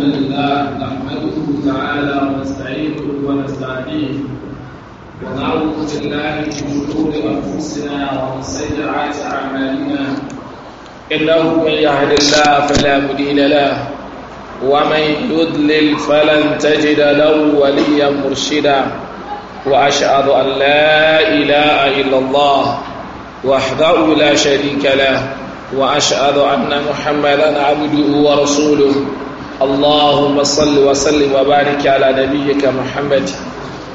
الحمد لله نحمده تعالى ونستعينه ونستهديه ونعوذ بالله من شرور انفسنا ومن سيئات اعمالنا انه من يهد الله فلا مضل له ومن يضلل فلن تجد له وليا مرشدا واشهد ان لا اله الا الله وحده لا شريك له واشهد ان محمدا عبده ورسوله اللهم صل وسلم وبارك على نبيك محمد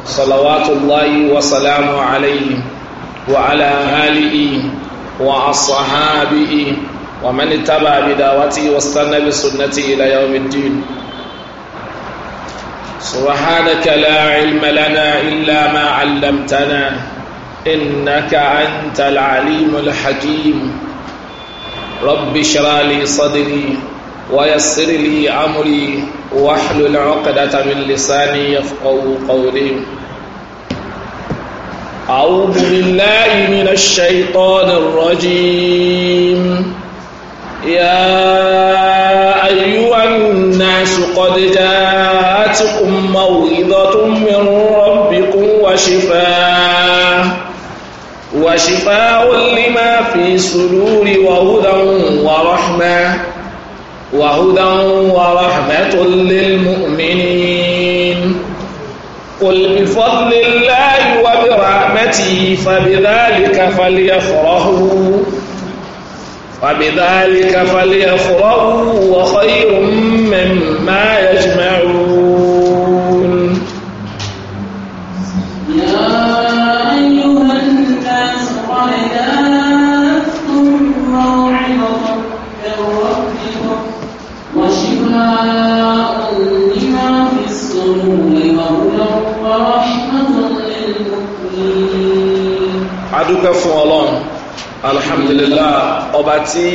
صلوات الله وسلامه عليه وعلى آله وأصحابه ومن اتبع بدعوته واستنى بسنته إلى يوم الدين سبحانك لا علم لنا إلا ما علمتنا إنك أنت العليم الحكيم رب اشرح لي صدري ويسر لي أمري واحلل عقدة من لساني يفقه قولي أعوذ بالله من الشيطان الرجيم يا أيها الناس قد جاءتكم موعظة من ربكم وشفاء وشفاء لما في الصدور وهدى ورحمة وهدى ورحمة للمؤمنين قل بفضل الله وبرحمته فبذلك فليفرحوا فبذلك فليفرحوا وخير مما يجمعون adúpẹ́ fún ọlọ́run alhamdulillah ọba tí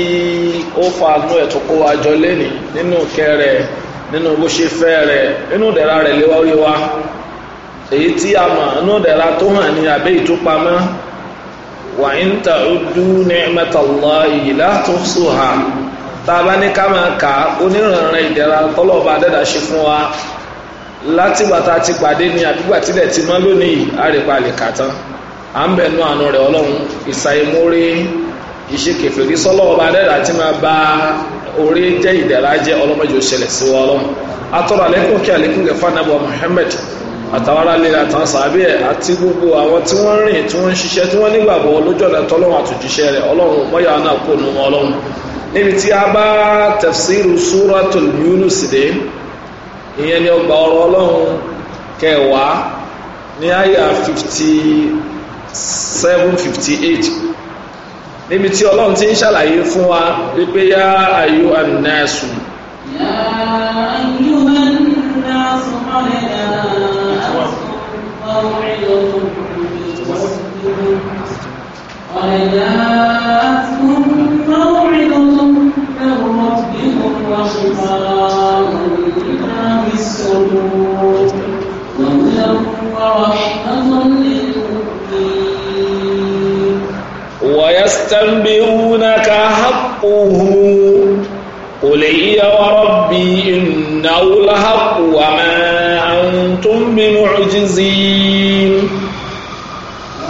ó fa anú ẹ̀ tó kó wa jọ lẹ́ni nínú kẹrẹ nínú bó ṣe fẹ́ rẹ̀ nínú dẹ̀ra rẹ̀ léwá orí wa èyí tí a mọ̀ nínú dẹ̀ra tó hàn ní abẹ́ ìtúpamọ́ wa in ta'uddu ni'matallahi la tuhsuha tá a bá ní ká máa kà á onírànràn ìdẹ̀ra tọ́lọ́ọ̀bá dẹ́dà ṣe fún wa látìgbà ti pàdé ní àbígbà tílẹ̀ ti mọ́ lónìí àrèpalè kà à ń bẹ̀nu àánú rẹ̀ ọlọ́run ìsàìmórí ìṣekèfèrí sọ́lọ́ ọba adẹ́dà tí máa bá orí jẹ́ ìdẹ̀ra jẹ́ ọlọ́mọdé sí wa ọlọ́run atọ́rọ̀ àlékún kí àlékún kẹfà nàbọ̀ Muhammad àtàwọn aráàlú àtàwọn sàábẹ̀ àti gbogbo àwọn tí wọ́n rìn tí wọ́n ń ṣiṣẹ́ tí wọ́n nígbàgbọ́ lójú ọ̀nà tọ́lọ́run àtòjíṣẹ́ rẹ̀ ọlọ́run mọ́yà náà kò nù wọn ọlọ́run níbi tí a bá tafsiru suratul Yunus dé ìyẹn ni ọgbà ọ̀rọ̀ ọlọ́run kẹwàá ní àyà 50 seven fifty eight níbi tí ọlọ́run ti ń ṣàlàyé fún wa wípé yá ayú ànásù. yá ayú ànásù ọ̀rẹ́ náà ọ̀rẹ́ lọ́wọ́ ọ̀rẹ́ náà fún ọ̀rẹ́ lọ́wọ́ ẹ̀rọ ìgbìmọ̀ wà ṣùgbọ́n ọ̀rẹ́ náà fi sọ̀rọ̀ wọ́n lọ́wọ́ ọ̀rẹ́ náà يستنبئونك حقه قل يا وربي إنه الحق وما أنتم بمعجزين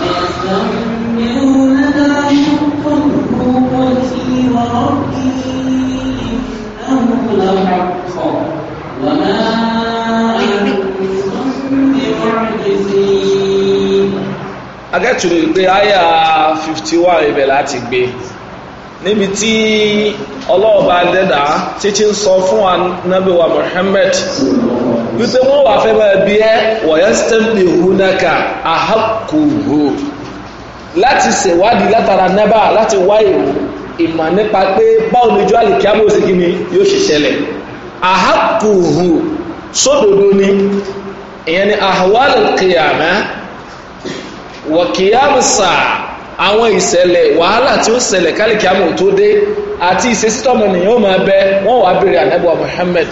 يستنبئونك حقه وربي إنه وما akẹ́tùrú pé àyà fifty one ibẹ̀ láti gbé níbi tí ọlọ́ọ̀bá dẹ́dà títí ń sọ fún anábì wa Muhammad wípé wọ́n wà fẹ́ bẹ́ẹ̀ bí ẹ́ wọ̀yẹ́sítẹ́mì húnákà àhákùhù láti ṣèwádìí látara nẹ́bà láti wá ìmọ̀ nípa pé báwo ni ojú àlìkíábò sí kí ni yóò ṣe ṣẹlẹ̀ àhákùhù sódòdó ni ìyẹn ni àhàwálì kìyàmẹ́ wọ̀kìyàmùsà àwọn ìṣẹ̀lẹ̀ wàhálà tí ó ṣẹlẹ̀ kálíkìámù tó dé àti ìṣesítọ́mọ nìyàn ó máa bẹ wọ́n wàá bèrè ànábọ̀ Muhammad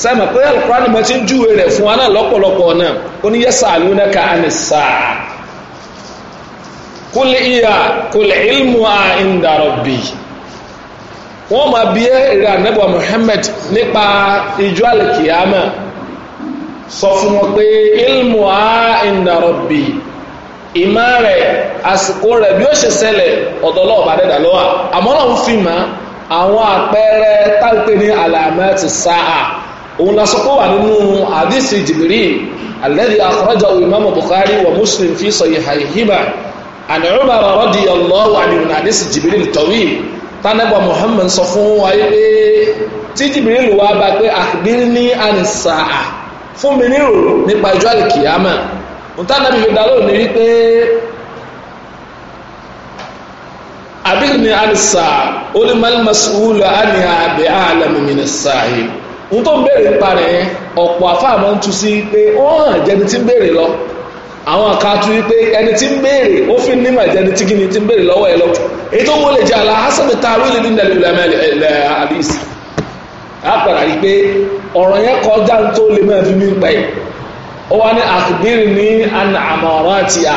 sẹ́mi pé alukura ni mo ti ń júwe rẹ̀ fún wa náà lọ́pọ̀lọpọ̀ náà ó ní yẹ́sà àlùnáka ànìsà kúlì ìyá kúlì ìlmù à ń darọ̀ bì wọ́n máa bí èrè ànábọ̀ Muhammad nípa ìjọ àlùkìyàmù sọ fún wọn pé ìlmù à ń darọ̀ bì ìmọ̀ rẹ̀ àsìkò rẹ̀ bí ó ṣe ṣẹlẹ̀ ọ̀dọ̀ ọlọ́ọ̀bá dẹ́dà lọ́wọ́ àmọ́ náà ń fi mọ́ àwọn àpẹẹrẹ táǹpé ní alamati sáà òun la sọ pé wà nínú àdìsí Jibril alladhi akhrajahu ìmáàmù Bukhari wa Muslim fi sahihayhima àní Umar radiyallahu anhu àdìsí Jibril tawil tánàbà Muhammad sọ fún wa pé tí Jibril wá bá pé akhbirni an sáà fún mi nírò nípa ìjọ àlìkìyàmà ntánàbí fi dàlóò ní wípé àbíkìní àdìsá olùmọ̀lẹ́mọ̀sùwùlọ̀ àníhà àbí àlàmìmìnì sàáyé n tó ń béèrè nípa rẹ̀ yẹn ọ̀pọ̀ àfáàmọ́ ń tu sí pé ó hàn jẹni tí ń béèrè lọ àwọn kan tu wípé ẹni tí ń béèrè ó fi nímọ̀ jẹni tí kìíní tí ń béèrè lọ́wọ́ ẹ lọ èyí tó wọlé jẹ́ àlá hasan tawil ní ilẹ̀ àdìsí àpàrà rí pé ọ̀rọ̀ yẹn kọjá tó lè máa fi mí pa yìí ó wá ní àkùdírí ní àmọ̀ràn ti à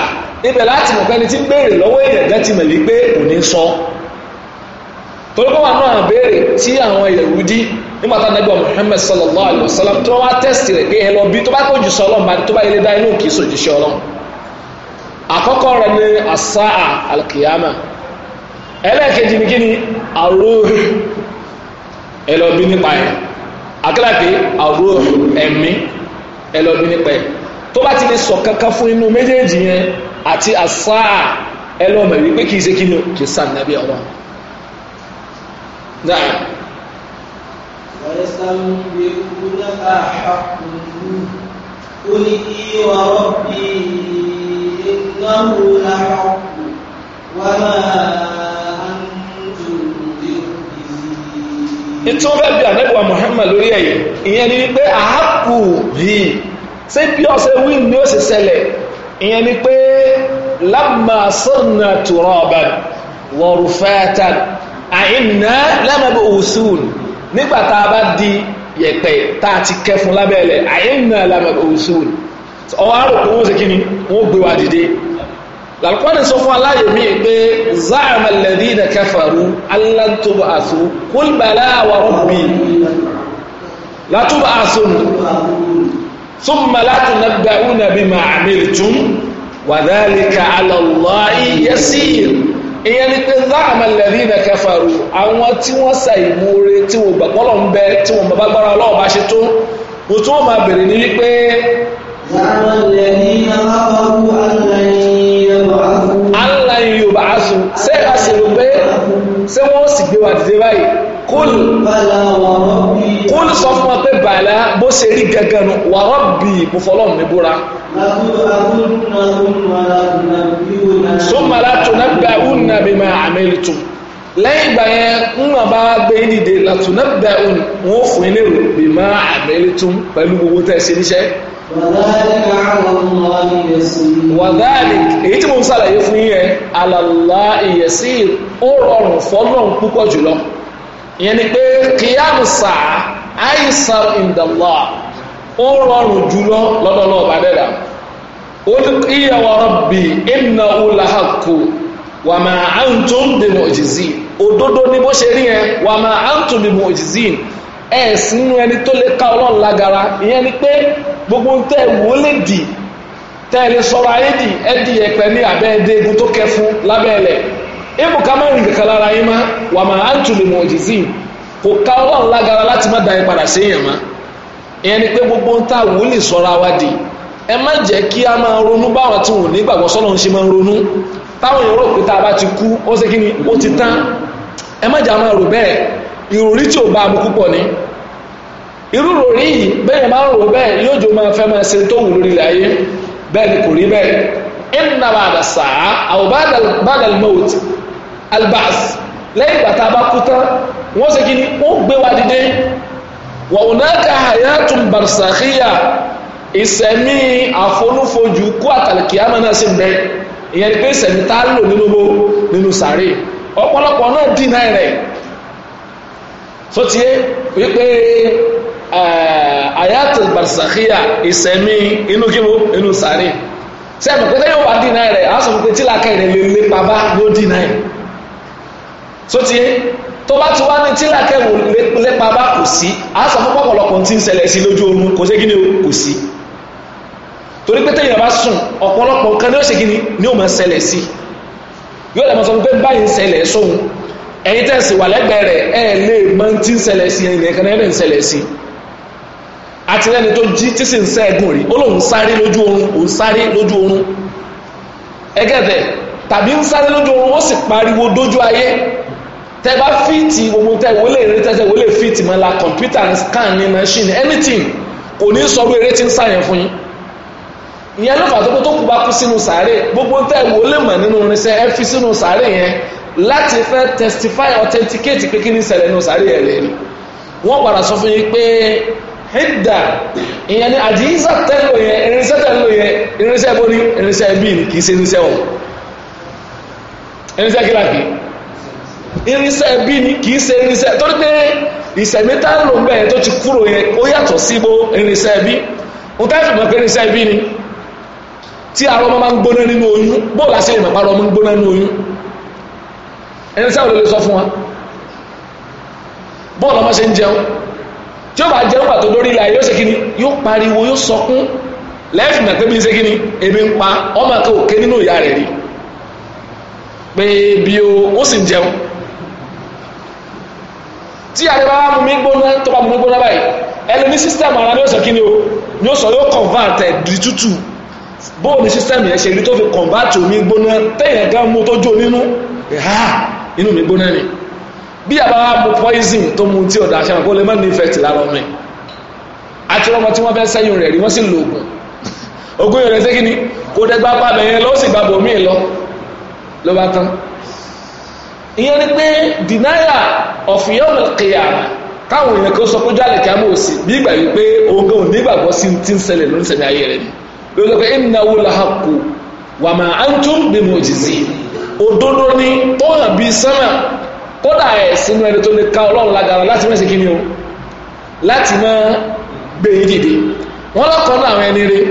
ibẹ̀ láti mọ̀ pẹ́ni tí ń béèrè lọ́wọ́ èèyàn ti mẹ̀lí pé kò ní sọ torí náà béèrè tí àwọn Yẹhudi nígbà tá nàgbà sallallahu wa sallam tó bá kó sọ ọlọ́run tó bá yẹlé dá inú kì í sọ àkọ́kọ́ ní alkiyama ẹlẹ́ẹ̀kejì ní kíni ẹ lọ bí nípa ẹ̀ tó bá ti lè sọ kankan fún inú méjèèjì yẹn àti àsáà ẹ lọ mọ̀ kì í ṣe kí ni kì í sàn nàbí ọ̀rọ̀ náà. tí wọ́n fẹ́ bí ànẹ́bùwà Muhammad lórí ẹ̀yìn ìyẹn ni pé àápù yìí ṣé bí ọ̀sẹ̀ wí ni ó sì ṣẹlẹ̀ ìyẹn ni pé lámà sọ́nà tùrọ̀ ọ̀bà wọ̀rùfẹ́ta àìnà lámàbò òṣùn nígbà tá a bá di yẹ̀pẹ̀ tá a ti kẹ́ fún lábẹ́lẹ̀ àìnà lámàbò òṣùn ọwọ́ àròkù wọn ṣe kí ni wọ́n gbé wa dìde làlùkọ́ni sọ fún aláyè mi pé záàmà alladhina kafaru allan tub'asu qul bala wa rabbi latub'asun thumma latunabba'una bima 'amiltum wa dhalika 'ala Allahi yasir ìyẹn ni pé záàmà alladhina kafaru àwọn tí wọ́n ṣàìmúre tí wọ́n gbàgbọ́lọ̀ ń bẹ tí wọ́n bàbá gbára ọlọ́ọ̀ bá ṣe tó mo tún wọ́n bèrè ní wípé. záàmà alladhina kafaru allan ṣé a sì rò pé ṣé wọ́n sì gbé wa dìde báyìí kúl kúl sọ fún wa pé bàlá bó ṣe rí gangan nu wà rọ́bì ìbúfọ́lọ́mù mi búra. súnmọ́lá tunabba unna bima amiltum lẹ́yìn ìgbà yẹn ń mọ̀ bá gbé dìde latunabba unna wọ́n fún yín lérò bima amiltum pẹ̀lú gbogbo tẹ̀sí níṣẹ́. wàdáàlìk èyí tí mo ń sàlàyé fún yín alàlá ìyẹ̀sí ó rọrùn fọ́lọ́n púpọ̀ jùlọ ìyẹn ni pé kìyàmù sàá àìsàn ìdàlá ó rọrùn jùlọ lọ́dọ̀lọ́ ọ̀bàdẹ́dà ó ìyàwó rọ̀bì ìnà olàhàkù wà máa àǹtún bí mọ̀jìzì òdodo ni bó ṣe rí yẹn wà máa àǹtún bí mọ̀jìzì ẹ̀sìn ẹni tó lè ká ìyẹn ni pé gbogbo ń tẹ́ wò lè dì tẹ́ lè sọ̀rọ̀ ayé dì ẹ di ẹ̀pẹ́ ní abẹ́ ẹdẹ egun tó kẹ́ fún lábẹ́ ẹlẹ̀ ibù ká má rìn kankan lára yín má wà má á ń tulè mọ̀ òjìzì kò ká ọlọ́run lágara láti má da ẹ sí èèyàn má ìyẹn ni pé gbogbo ń tà wò lè sọ̀rọ̀ àwa dì ẹ má jẹ́ kí a máa ronú báwọn tí wọn nígbàgbọ́ sọ́nà ń ṣe máa ronú táwọn èèyàn pé tá a bá ti kú ó ṣe kí ni ó ti tán ẹ má jẹ́ a máa rò bẹ́ẹ̀ ìròrí tí ò bá a mú púpọ̀ ni irú ròrí yìí bẹ́ẹ̀ máa ń rò bẹ́ẹ̀ yóò jò máa fẹ́ máa ṣe tóun lórí ilẹ̀ ayé bẹ́ẹ̀ ni kò rí bẹ́ẹ̀ inna ba'da sa'a aw ba'da al-maut al-ba'th lẹ́yìn ìgbà tá a bá kú tán wọ́n ṣe kí ni wọ́n gbé wa dìde ìsẹ̀mí àfonúfojú kú àtàlùkìyàmọ́ náà sì bẹ́ẹ̀ ìyẹn pé ìsẹ̀mí tá nínú sàárè ọ̀pọ̀lọpọ̀ náà dì rẹ̀ so ti yé wípé ayatul barzakhiya ìsẹ̀mí inú kíbo inú sàárè ṣe àmì pété yóò wá dínà rẹ̀ á sọ pé tílàkà rẹ̀ lè lé bàbá yóò dínà rẹ̀ so ti yé tó bá ti wá ní tílàkà rẹ̀ lé bàbá kò sí á fún pọ̀pọ̀lọpọ̀ tí ń ṣẹlẹ̀ sí lójú oorun kò sí kí ni kò sí torí pété yóò bá sùn ọ̀pọ̀lọpọ̀ nǹkan ni ó ṣe kí ni ni ó máa ṣẹlẹ̀ sí yóò lè máa sọ pé báyìí ń ṣẹlẹ̀ sóhun ẹ̀yin tẹ̀sí wà lẹ́gbẹ̀ẹ́ rẹ̀ ẹ̀ lè mọ tí ń ṣẹlẹ̀ sí ẹ̀yìn nìkan ẹ̀rẹ̀ ń ṣẹlẹ̀ sí àtìlẹ́ni tó jí tí sì ń sẹ́ẹ̀gùn rí ó lóun sáré lójú oorun òun sáré lójú oorun ẹgẹ́dẹ̀ tàbí ń sáré lójú oorun ó sì pariwo dójú ayé tẹ bá fíìtì gbogbo tẹ ìwé lè rí tẹsẹ̀ ìwé lè fíìtì mọ́ la kọ̀mpútà scan ní machine anything kò ní sọ bí tí ń sàyẹn fún yín ìyẹn ló fà tó kó tó kú bá kú sínú sàárè gbogbo tẹ ìwé lè mọ̀ nínú irinṣẹ́ ẹ fi sínú sàárè yẹn láti fẹ́ testify authenticate pé kí ni ṣẹlẹ̀ nù sáré ẹ̀ rẹ̀ ni wọ́n padà sọ fún yín pé hídà ìyẹn ni àdìyíṣà tẹ́lò yẹn irinṣẹ́ tẹ́lò yẹn irinṣẹ́ bó ní irinṣẹ́ bí ní kìí ṣe irinṣẹ́ wọn irinṣẹ́ kí làkì irinṣẹ́ bí ní kìí ṣe irinṣẹ́ torí pé ìṣẹ̀mí tẹ́lò bẹ́ẹ̀ tó ti kúrò yẹn ó yàtọ̀ sí bó irinṣẹ́ bí n tẹ́ fìmọ̀ pé irinṣẹ́ bí ni tí àrọ́ máa ń gbóná nínú oyún bóòlù àṣẹ ìmọ̀ ẹni sáwọn olè sọ fún wa bọ́ọ̀lù ọmọ ṣe ń jẹun tí ó bá jẹun pàtó lórí ilẹ̀ yóò ṣe kíni yóò pariwo yóò sọkún lẹ́ẹ̀fì náà pé bí ń ṣe kíni ebi ń pa ọmọ akẹ́ òkè nínú ìyá rẹ̀ rí pé bí o ó sì ń jẹun tí a lè bá mú mi gbóná tó bá mú mi gbóná báyìí ẹni ní sísítẹ́mù ara ni ó sọ kíni o ni ó sọ yóò convert ẹ̀ di tútù bóòlù sísítẹ́mù yẹn ṣe rí tó fi convert omi gbóná téèyàn gan mú tó jó nínú ẹ̀há inú mi gbóná ni bí àbá wa mu poison tó mu tí ọ̀dà aṣáájú kó lè má ní effect lára ọmọ ẹ̀ àti ọmọ tí wọ́n fẹ́ sẹ́yìn rẹ̀ rí wọ́n sì lo oògùn oògùn yẹn rẹ̀ ṣé kí ni kò dẹ́ gbá pàbẹ̀ yẹn lọ́wọ́ sì gbà bò mí lọ ló bá tán ìyẹn ni pé denial of yom kiyama káwọn èèyàn kan sọ pé jáde kí a mọ̀ sí bí ìgbà yìí pé òun gan ò ní ìgbàgbọ́ sí ti ń ṣẹlẹ̀ ló ń ṣẹlẹ̀ ayé rẹ̀ ni ló pé ìnáwó làákù wàmà antum bí mo jì òdodo ni tó hàn bíi sánà kódà ẹ̀ sínú ẹni tó lè ka ọlọ́run lágara láti mọ̀ sí kí ni o láti mọ̀ gbé yín dìde wọ́n lọ́kọ̀ọ́ náà àwọn ẹni rẹ̀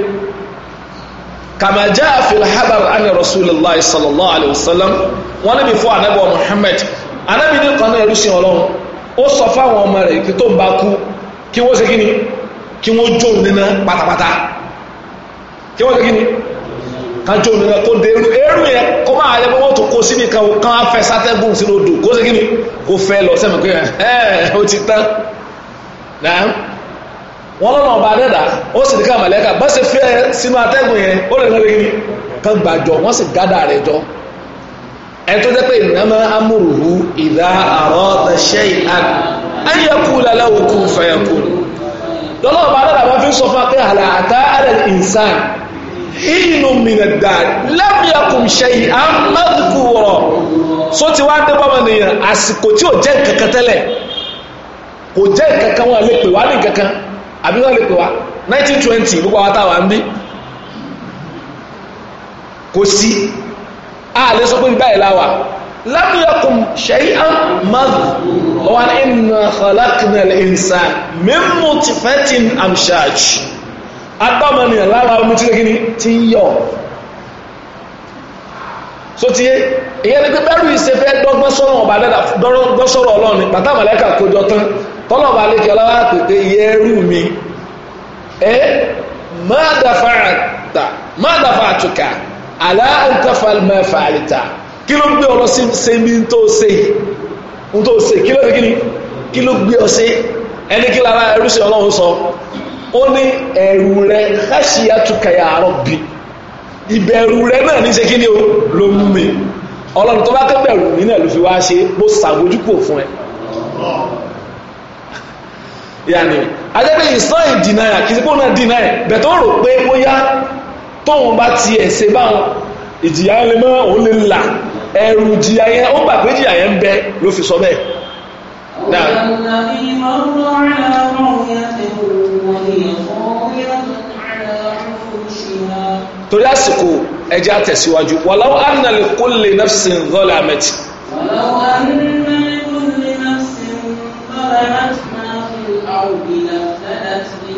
kama jaa fil habar ana rasulillahi sallallahu alaihi wasallam wọ́n ní before anabi muhammad anabi ní kan ẹrú sí Ọlọ́run ó sọ fáwọn ọmọ rẹ̀ kí tó ń bá kú kí wọ́n ṣe kíni kí wọ́n jó nínú pátápátá kí wọ́n ṣe kíni kan jó nira kó dé eru eru yẹn kó máa yẹ kó wọ́n tó kó síbi kan kan á fẹ́ sátẹ́gùn sínú odò kó ṣe kí ni kó fẹ́ lọ sẹ́mi pé ẹ ó ti tán náà wọ́n lọ́nà ọba dẹ́dà ó sì ní ká màlẹ́kà bá ṣe fẹ́ sínú atẹ́gùn yẹn ó lè rán lórí kan gbàjọ wọ́n sì gádà rẹ̀ jọ ẹ tó jẹ́ pé ìnáma amúrùhù ìdá àrọ́ ṣẹ́ ìhàn ayẹ́kù lálẹ́ òkú fẹ́yẹ̀kù lọ́nà ọba dẹ́dà bá fi sọ fún akẹ́ inú mìíràn dàrí lẹ́mìíyàkùn ṣe àmàdùkù wọ̀rọ̀ só ti wá dé bọ́mọ nìyẹn àsìkò tí ò jẹ́ kankan tẹ́lẹ̀ kò jẹ́ kankan wọn lè pè wá ní kankan àbí wọn lè pè wá 1920 gbogbo àwọn táwa ń bí kò sí a lè sọ pé báyìí láwà lẹ́mìíyàkùn ṣe àmàdù wọn iná khalaqna al-insan min mutfatin amshaj atọ́mọnìyàn lára omi tí lẹ́gíní ti ń yọ so ti yé ìyẹn ni pé bẹ́rù ìṣe fẹ́ dọ́gbọ́n sọ̀rọ̀ ọba dẹ́dà dọ́gbọ́n sọ̀rọ̀ ọlọ́ọ̀ni bàtà mọ̀lẹ́kà kójọ tán tọ́lọ̀bà lékè ọlọ́wà pèpè iye ẹrù mi ẹ máa dàfà àtùkà aláàntàfà mẹ́fà àlìta kí ló gbé ọlọ́ sí sẹ́mi tó ṣe kí ló gbé ọ sí ẹni kí lára ẹrú sí ọlọ́run sọ ó ní ẹ̀rù rẹ káṣíyá tukẹ̀yà àárọ̀ bí ìbẹ̀rù rẹ náà ní ṣe kí ni ó ló mú mi ọlọ́run tó bá kẹ́ bẹ̀rù mi náà ló fi wá ṣe mo ṣàbójúpò fún ẹ yàní ajẹ́pẹ́ ìsọ́ ìdìnà ẹ̀ kìsípò náà dìnà ẹ̀ bẹ̀tọ́ rò pé bóyá tóun bá ti ẹ̀ ṣe báwọn ìjìyà lè mọ́ òun lè là ẹ̀rù ìjìyà yẹn ó gbà pé ìjìyà yẹn ń bẹ ló fi sọ bẹ́ẹ̀ torí àsìkò ẹjẹ́ àtẹ̀síwájú walau anna li kulli nafsin zalamat. walau anna li kulli nafsin zalamat ma fil ardi laftadat bi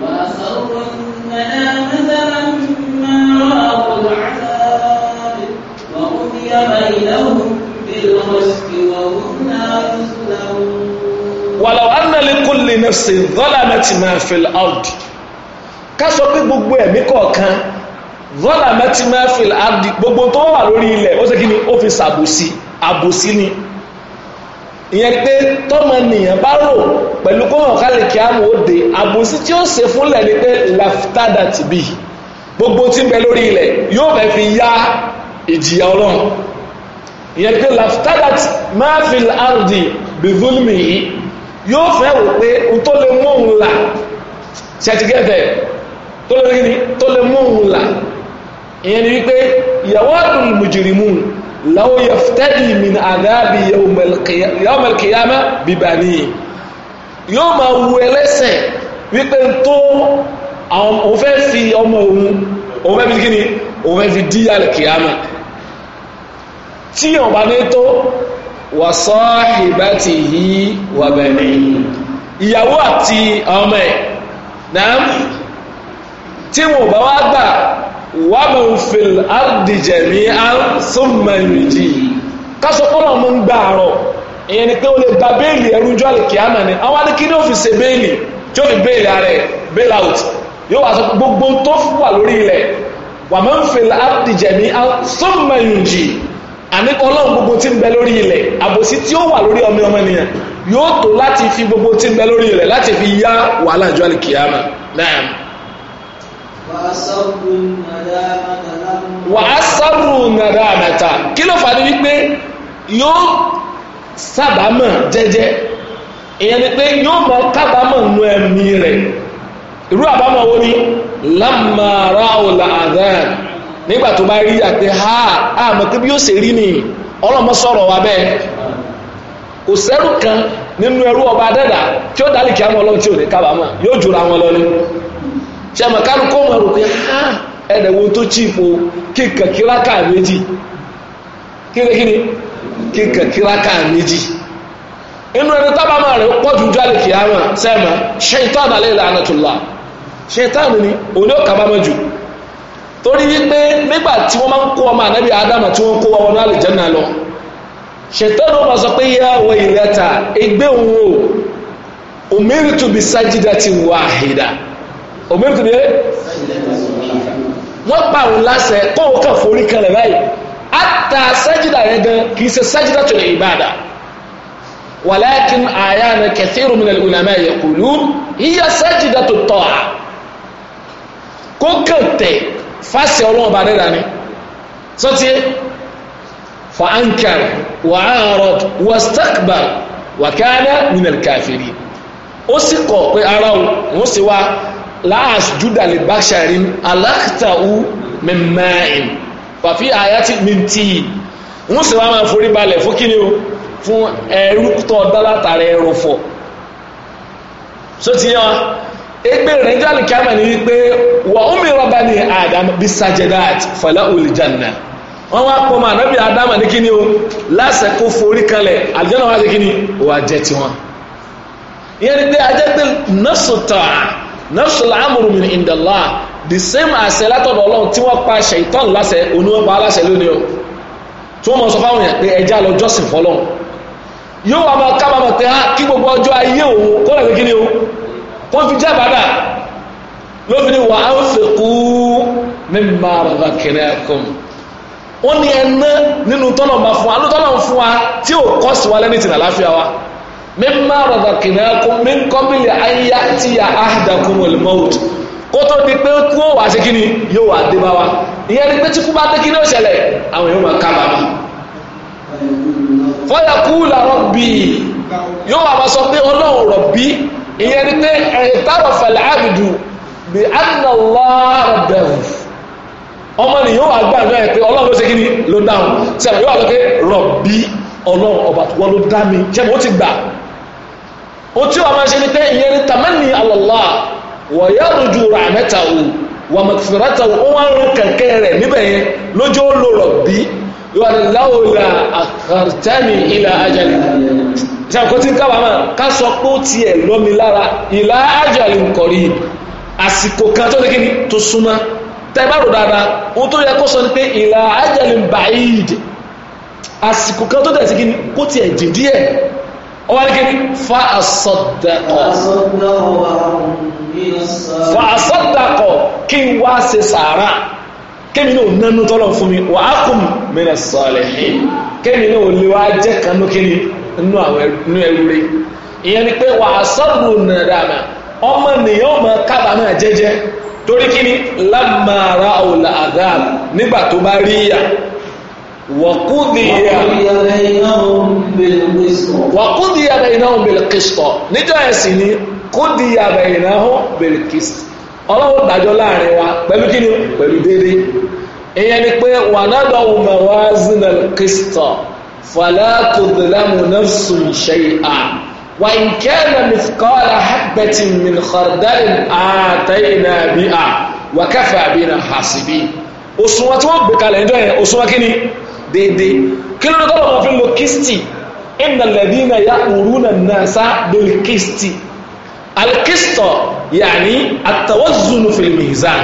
wa asarru an-nadama lamma ra'u al-'adab wa qudiya wàlọ́ annalekun lè nà sí dọ́là mẹ́tì máa fìl áùdì ká sọ pé gbogbo ẹ̀mí kọ̀ọ̀kan dọ́là mẹ́tì máa fìl áùdì gbogbo tó wà lórí ilẹ̀ ó sì ni ó fi ṣàbòsí àbòsí ni ìyẹn pé tọ́mọ nìyẹn bá rò pẹ̀lú kọ́mọ̀ kálí kí á mú ó de àbòsí tí ó ṣe fúnlẹ̀ ni pé làfitádà ti bì gbogbo tí ń bẹ lórí ilẹ̀ yóò fẹ́ fi yá ìjìyà ọlọ́run ìyẹn pé làfitádà máa fìl áùdì bìvúlmì yìí yóò fẹ́ wò pé n tó lè mú òun là ṣẹ̀tìgẹ́fẹ̀ tó lè rí ni tó lè mú òun là ìyẹn ni wípé yawadul mujrimun law yaftadi min adhabi yawmal qiyamah bibanihi yóò máa wu ẹlẹ́ṣẹ̀ wípé tó òun fẹ́ fi ọmọ òun òun fẹ́ fi kí ni òun fẹ́ fi díyà al tí ọ̀bá ní tó wa sahibatihi wa banihi ìyàwó àti ọmọ ẹ̀ náà tí wọ́n bá wá gbà wà man fil ardi jami'an thumma yunji kásọ̀ kọ́nà mú ń gbà àrọ̀ ìyẹn ni pé ó lè gba béèlì ẹrú jọ àlè kìámà ni àwọn adé kí ni ó fi ṣe béèlì tí ó fi béèlì ààrẹ bail out yóò wá sọ gbogbo tó wà lórí ilẹ̀ wà man fil ardi jami'an thumma yunji àní ọlọ́run gbogbo tí ń bẹ lórí ilẹ̀ àbòsí tí ó wà lórí ọmọ ọmọ ènìyàn yóò tó láti fi gbogbo tí ń bẹ lórí ilẹ̀ láti fi yá wàhálà ìjọ àlìkìyàmà náà. wà á sọ́rù nàdá àmàtà kí ló fà ní wípé yóò jẹ́jẹ́ ìyẹn ni pé yóò mọ ẹ̀mí rẹ̀ irú àbámọ̀ wo ni lámàrá nígbà tó bá rí àpé ha àmọ́ kí bí ó ṣe rí ni ọlọ́mọ sọ̀rọ̀ wa bẹ́ẹ̀ kò sẹ́rù kan nínú ẹrú ọba dẹ́dà tí ó dálì kí á mọ́ ọlọ́run tí ò ní kábàámọ̀ yóò jura wọn lọ ṣe mọ̀ kánú kó mọ̀ rò ha ẹ̀dẹ̀wò tó chípo kíkà kíráka méjì kírékíní kíkà kíráka méjì inú ẹni tábàámọ̀ rẹ̀ pọ̀ jù jálè kí á mọ̀ sẹ́mọ̀ ṣe ìtọ́ la ṣe ìtọ́ àdàlẹ́ ni òní ó torí wípé nígbà tí wọ́n máa ń kó ọmọ ànábì ádámà tí wọ́n kó wa wọnú àlùjánnà lọ ṣètọ́nù ọmọ sọ pé yá wọ ìrẹta ẹgbẹ́ òun o umiritu bi sajidati wahida umiritu bi wọ́n pa òun láṣẹ kó o kàn forí kanlẹ̀ báyìí àtà sajida yẹn gan kì í ṣe sajida tó lè ìbáàdà walakin ayana kathiru min al-ulama yaqulun hiya sajidatu at-ta'a kó kàn tẹ̀ fásitì ọlọ́run bá dẹ́dà ni sọ́tí fa ankar wa arad wa stakbar wa kana min al-kafirin ó sì kọ̀ pé ara òun sì wá láàs júdà lè bá ṣàrin aláàtàú mẹ́mẹ́rin fàfí àyàtì mintí wọ́n sì wá máa forí balẹ̀ fún kí ni o fún ẹrú tọ́ dálátàrẹ ẹrù fọ̀ wa egbe rẹ̀ níjọ́ àlùkìyàmọ̀ ni wípé wà ó mìíràn bá ní adam bí sajadat fala olùjànà wọ́n wá pọ̀ máa nọ́bí adam ní kíni o lásẹ̀ kó forí kalẹ̀ àlùjànnà wá sí kíni wà jẹ́ tiwọn ìyẹn ni pé ajẹ́ pé nọ́sùtà nọ́sùlá amúrùmí ìndàlá the same àṣẹ látọ̀dọ̀ ọlọ́run tí wọ́n pa ṣèitán láṣẹ oníwọ́pa aláṣẹ lónìí o tí wọ́n mọ̀ sọ fáwọn èèyàn pé ẹja lọ jọ́sìn fọlọ́run yóò wà máa kábàámọ̀ pé ah, kí gbogbo ọjọ́ ayé òun kó lè fi kíni o wọ́n fi jẹ́ bàbá lóbìnrin wà á ń fi kú mímọ àrùn kiri ẹkùn wọ́n ní ẹná nínú tọ́lọ̀ máa fún wa alótọ́lọ̀ ń fún wa tí ò kọ́ sí wa lẹ́ni tìǹà láfíà wa mímọ àrùn kiri ẹkùn mí kọ́bìlì ayé tí ya áhìdàkùn wọlé mọ́wùd kó tó di pé kú ó wà sí kí ni yóò wà dé bá wa ìyẹn ni pé tí kú bá dé kí ni ó ṣẹlẹ̀ àwọn yóò máa kábàámà fọyà kú làrọ̀ bì yóò wà máa sọ pé ọlọ́run rọ̀ bí ìyẹn ni pé ẹ̀ẹ́tàrọ̀ fẹ̀lẹ̀ àbùdù bí anna lára bẹ̀rù ọmọ nìyẹn wà gbà náà pé ọlọ́run ló ṣe kí ni ló dáhùn tí a yóò wà pé rọ̀bí ọlọ́run ọba wọn ló dá mi ṣe mo ti gbà ó tí wàá máa ṣe ni pé ìyẹn ni tàmánì àlọ́lá wọ̀yá rújú rà mẹ́ta o wà mọ̀tìfìrátà o wọ́n ń kẹ̀kẹ́ rẹ̀ níbẹ̀ yẹn lójó ló rọ̀bí yóò wà ní láwòlà àkàrtẹ́mi ilà ìṣàkó tí ń káwà máa ká sọ pé ó ti ẹ̀ lọ́mi lára ìlà ájàlì nkọ̀rí àsìkò kan tó dékí tó súnmọ́ tẹ́bàrò dáadáa ó tó yẹ kó sọ ní pé ìlà ájàlì bàáyìdì àsìkò kan tó tẹ̀sí kíni kó ti ẹ̀ jì díẹ̀ ó wá ní kíni fa àsọdàkọ̀ fa àsọdàkọ̀ kí n wá ṣe sàárà kémi náà nánú tọ́lọ̀ fún mi wà kùn mí nà sọ̀lẹ̀ kémi náà lè wá jẹ́ kanú kíni nínú àwọn ẹrú rẹ̀ ìyẹn ni pé wà á sọ́dún nàdàmà ọmọ nìyẹn ọmọ kábàámọ̀ jẹ́jẹ́ torí kí ni lámàrà ọ̀là àdáàbò nígbà tó bá rí ìyà wàkúdìyà bẹ̀yìnáhùn bẹ̀lẹ̀kìstọ̀ níjọ́ ẹ̀sìn ni kúdìyà bẹ̀yìnáhùn bẹ̀lẹ̀kìstọ̀ ọlọ́run dájọ́ láàrin wa pẹ̀lú kí ni pẹ̀lú déédéé ìyẹn ni pé wà náà lọ́wọ́ mẹ́wàá zinel kìstọ̀ فلا تظلم نفس شيئا وإن كان مثقال حبة من خردل آتينا بها وكفى بنا حاسبين òṣùwọ̀n tí wọ́n gbé kalẹ̀ ẹjọ́ yẹn òṣùwọ̀n kí ni dédé kí ló tọ́lọ̀ wọn fi lo kisti inna alladhina ya'muruna an-nasa bil kisti alkisto yàní at-tawazzun fil mizan